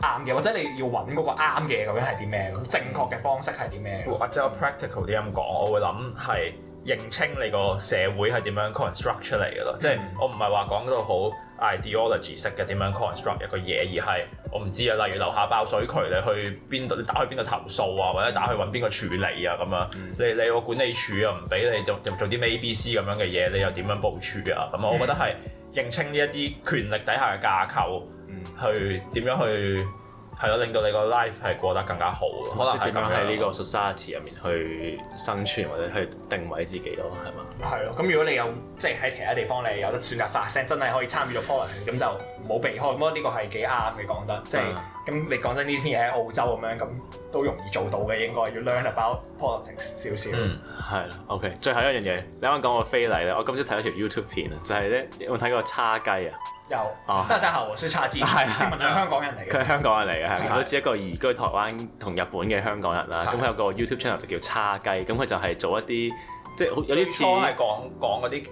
啱嘅，或者你要揾嗰個啱嘅究竟係啲咩？正確嘅方式係啲咩？或者、哦、我 practical 啲咁講，我會諗係認清你個社會係點樣 construct 出嚟嘅咯。即係、嗯、我唔係話講到好 ideology 式嘅點樣 construct 一個嘢，而係我唔知啊。例如樓下爆水渠，你去邊度？你打去邊度投訴啊？或者打去揾邊個處理啊？咁樣、嗯、你你個管理處又唔俾你做做做啲咩 A、B、C 咁樣嘅嘢，你又點樣部署啊？咁我覺得係認清呢一啲權力底下嘅架構。嗯，去點樣去係咯，令到你個 life 係過得更加好，可能點樣喺呢個 society 入面去生存，嗯、或者去定位自己咯，係嘛？係咯，咁如果你有即係喺其他地方你有得選擇發聲，真係可以參與到 politics 咁就冇避開。咁呢個係幾啱嘅講得。即咁你講真呢啲嘢喺澳洲咁樣，咁都容易做到嘅，應該要 learn about politics 少少。嗯，係 O K，最後一樣嘢，你啱啱講我非禮咧。我今朝睇咗條 YouTube 片，就係咧，有冇睇過叉雞啊？有都係西侯，所以叉字係英文係香港人嚟嘅，佢係香港人嚟嘅，佢好似一個移居台灣同日本嘅香港人啦。咁佢的有個 YouTube channel 就叫叉雞，咁佢就係做一啲即係有啲似。係講講啲。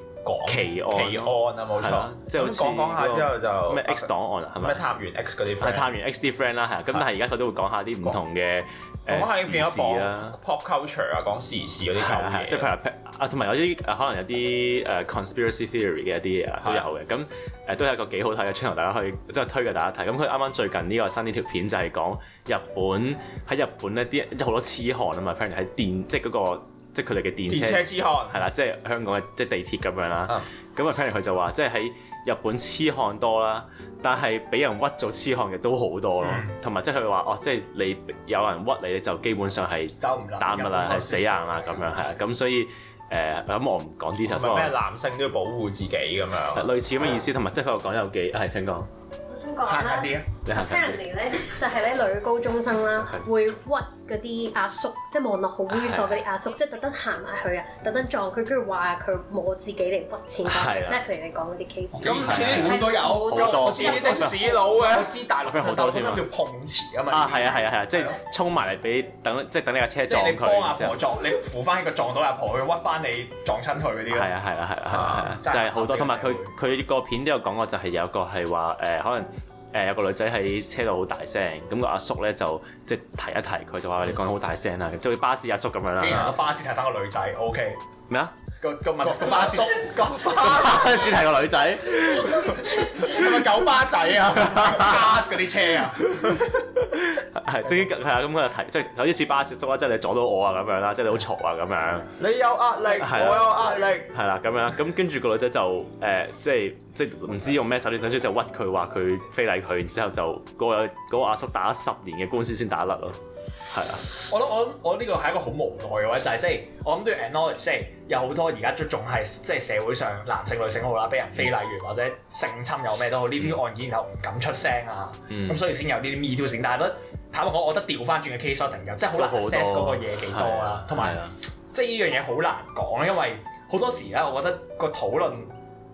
奇案啊，冇錯。咁講講下之後就咩 X 檔案啊，係咪？咩探完 X 啲 friend？係探完 X 啲 friend 啦，係。咁但係而家佢都會講下啲唔同嘅誒時事啦，pop culture 啊，講時事啲咁，即係譬如啊，同埋有啲可能有啲誒 conspiracy theory 嘅一啲嘢都有嘅。咁誒都係一個幾好睇嘅 channel，大家可以即係推介大家睇。咁佢啱啱最近呢個新呢條片就係講日本，喺日本呢啲有好多痴漢啊嘛 f r i 喺電即係嗰個。即係佢哋嘅電車痴漢，係啦，即係香港嘅即係地鐵咁樣啦。咁啊、嗯，聽完佢就話，即係喺日本痴漢多啦，但係俾人屈咗，痴漢嘅都好多咯。同埋即係佢話，哦，即係你有人屈你，就基本上係走唔甩，打唔甩，係死硬啊咁樣係啊。咁、嗯、所以誒，咁、呃嗯、我唔講啲。同埋咩男性都要保護自己咁樣，類似咁嘅意思。同埋即係佢講有幾，係請講。先我想講啦，聽人嚟咧，就係咧女高中生啦，會屈嗰啲阿叔，即係望落好猥瑣嗰啲阿叔，即係特登行埋去啊，特登撞佢，跟住話佢冇自己嚟屈錢。即係頭先你講啲 case，咁似啲好多有好多，似啲的士佬啊，我知大陸好多添。叫碰瓷啊嘛，啊係啊係啊係啊，即係衝埋嚟俾等，即係等你架車撞佢。幫阿婆撞，你扶翻個撞到阿婆去屈翻你撞親佢嗰啲咯。係啊係啊係啊係啊，就係好多。同埋佢佢個片都有講過，就係有一個係話誒可能。誒、呃、有個女仔喺車度好大聲，咁、那個阿叔咧就即係提一提佢，就話你講得好大聲啦，做、嗯、巴士阿叔咁樣啦。竟然喺巴士睇翻個女仔，OK 咩？啊？個個唔係個阿叔，個巴士係個女哈哈仔，係咪九巴仔啊？巴士嗰啲車啊，係即係係啊，咁佢提即係有一次巴士叔啊，即係你阻到我啊咁樣啦，即係你好嘈啊咁樣。你有壓力，我有壓力。係啦，咁樣咁跟住個女仔就誒，即係即係唔知用咩手段，最終就屈佢話佢非禮佢，然之後就嗰個嗰個阿叔打咗十年嘅官司先打甩咯。係啊，我諗我諗我呢個係一個好無奈嘅話，就係即係我諗都要 acknowledge，即係有好多而家都仲係即係社會上男性女性好啦，俾人非禮完或者性侵有咩都好，呢啲，嗯、案件然後唔敢出聲啊，咁、嗯、所以先有呢啲 MeToo，但係我坦白講，我覺得調翻轉嘅 case，突然間即係好難 suss 個嘢幾多啦，同埋即係呢樣嘢好難講，因為好多時咧，我覺得個討論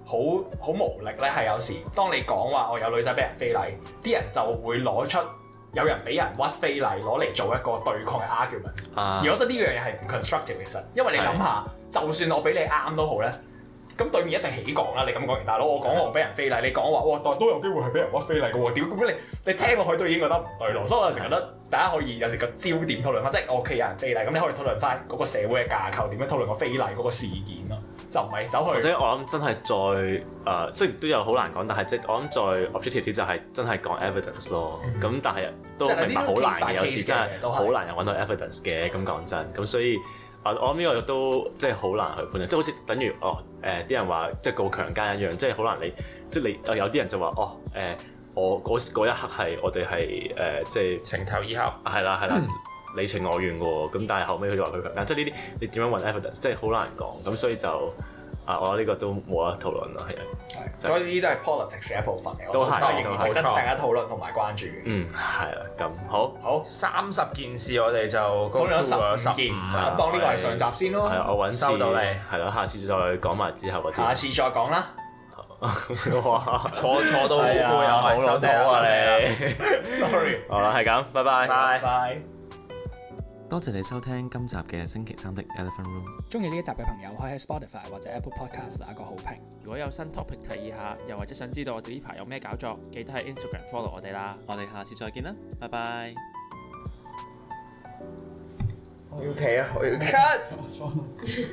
好好無力咧，係有時當你講話我有女仔俾人非禮，啲人就會攞出。有人俾人屈非禮攞嚟做一個對抗嘅 argument，而我覺得呢樣嘢係唔 constructive 其實，因為你諗下，是的 就算我俾你啱都好咧，咁對面一定起講啦。你咁講完，大佬，我講我俾人非禮，你講話哇，都都有機會係俾人屈非禮嘅喎。屌，咁你你聽落去都已經覺得唔對咯。所以我成日覺得大家可以有時個焦點討論翻，即係我屋企有人非禮，咁你可以討論翻嗰個社會嘅架構，點樣討論個非禮嗰個事件咯。就唔係走去，或者我諗真係再誒、呃，雖然都有好難講，但係即係我諗再 objective 就係真係講 evidence 咯、mm。咁、hmm. 但係都明白好難，但有時真係好難有揾到 evidence 嘅。咁講真，咁所以、呃、我我諗呢個都即係好難去判斷，即係好似等於哦誒啲、呃、人話即係告強奸一樣，即係好能你即係你有啲人就話哦誒、呃，我嗰一刻係我哋係誒即係情投意合，係啦係啦。 (noise) 你情我願嘅喎，咁但係後尾佢就話佢強奸，即係呢啲你點樣問 Evidence，即係好難講，咁所以就啊，我覺得呢個都冇得討論咯，係。啊，所以呢啲都係 Politics 一部分嚟，都係值得大家討論同埋關注。嗯，係啦，咁好。好，三十件事我哋就講咗十十件，當呢個係上集先咯。係，我揾次。收到你。係咯，下次再講埋之後嗰啲。下次再講啦。哇，坐坐都好攰，好攞錯啊你。Sorry。好啦，係咁，拜拜。拜拜。多謝你收聽今集嘅星期三的 Elephant Room。中意呢一集嘅朋友，可以喺 Spotify 或者 Apple Podcast 打個好評。如果有新 topic 提議下，又或者想知道我哋呢排有咩搞作，記得喺 Instagram follow 我哋啦。我哋下次再見啦，拜拜。我要 K 啊，我要 cut。 (laughs)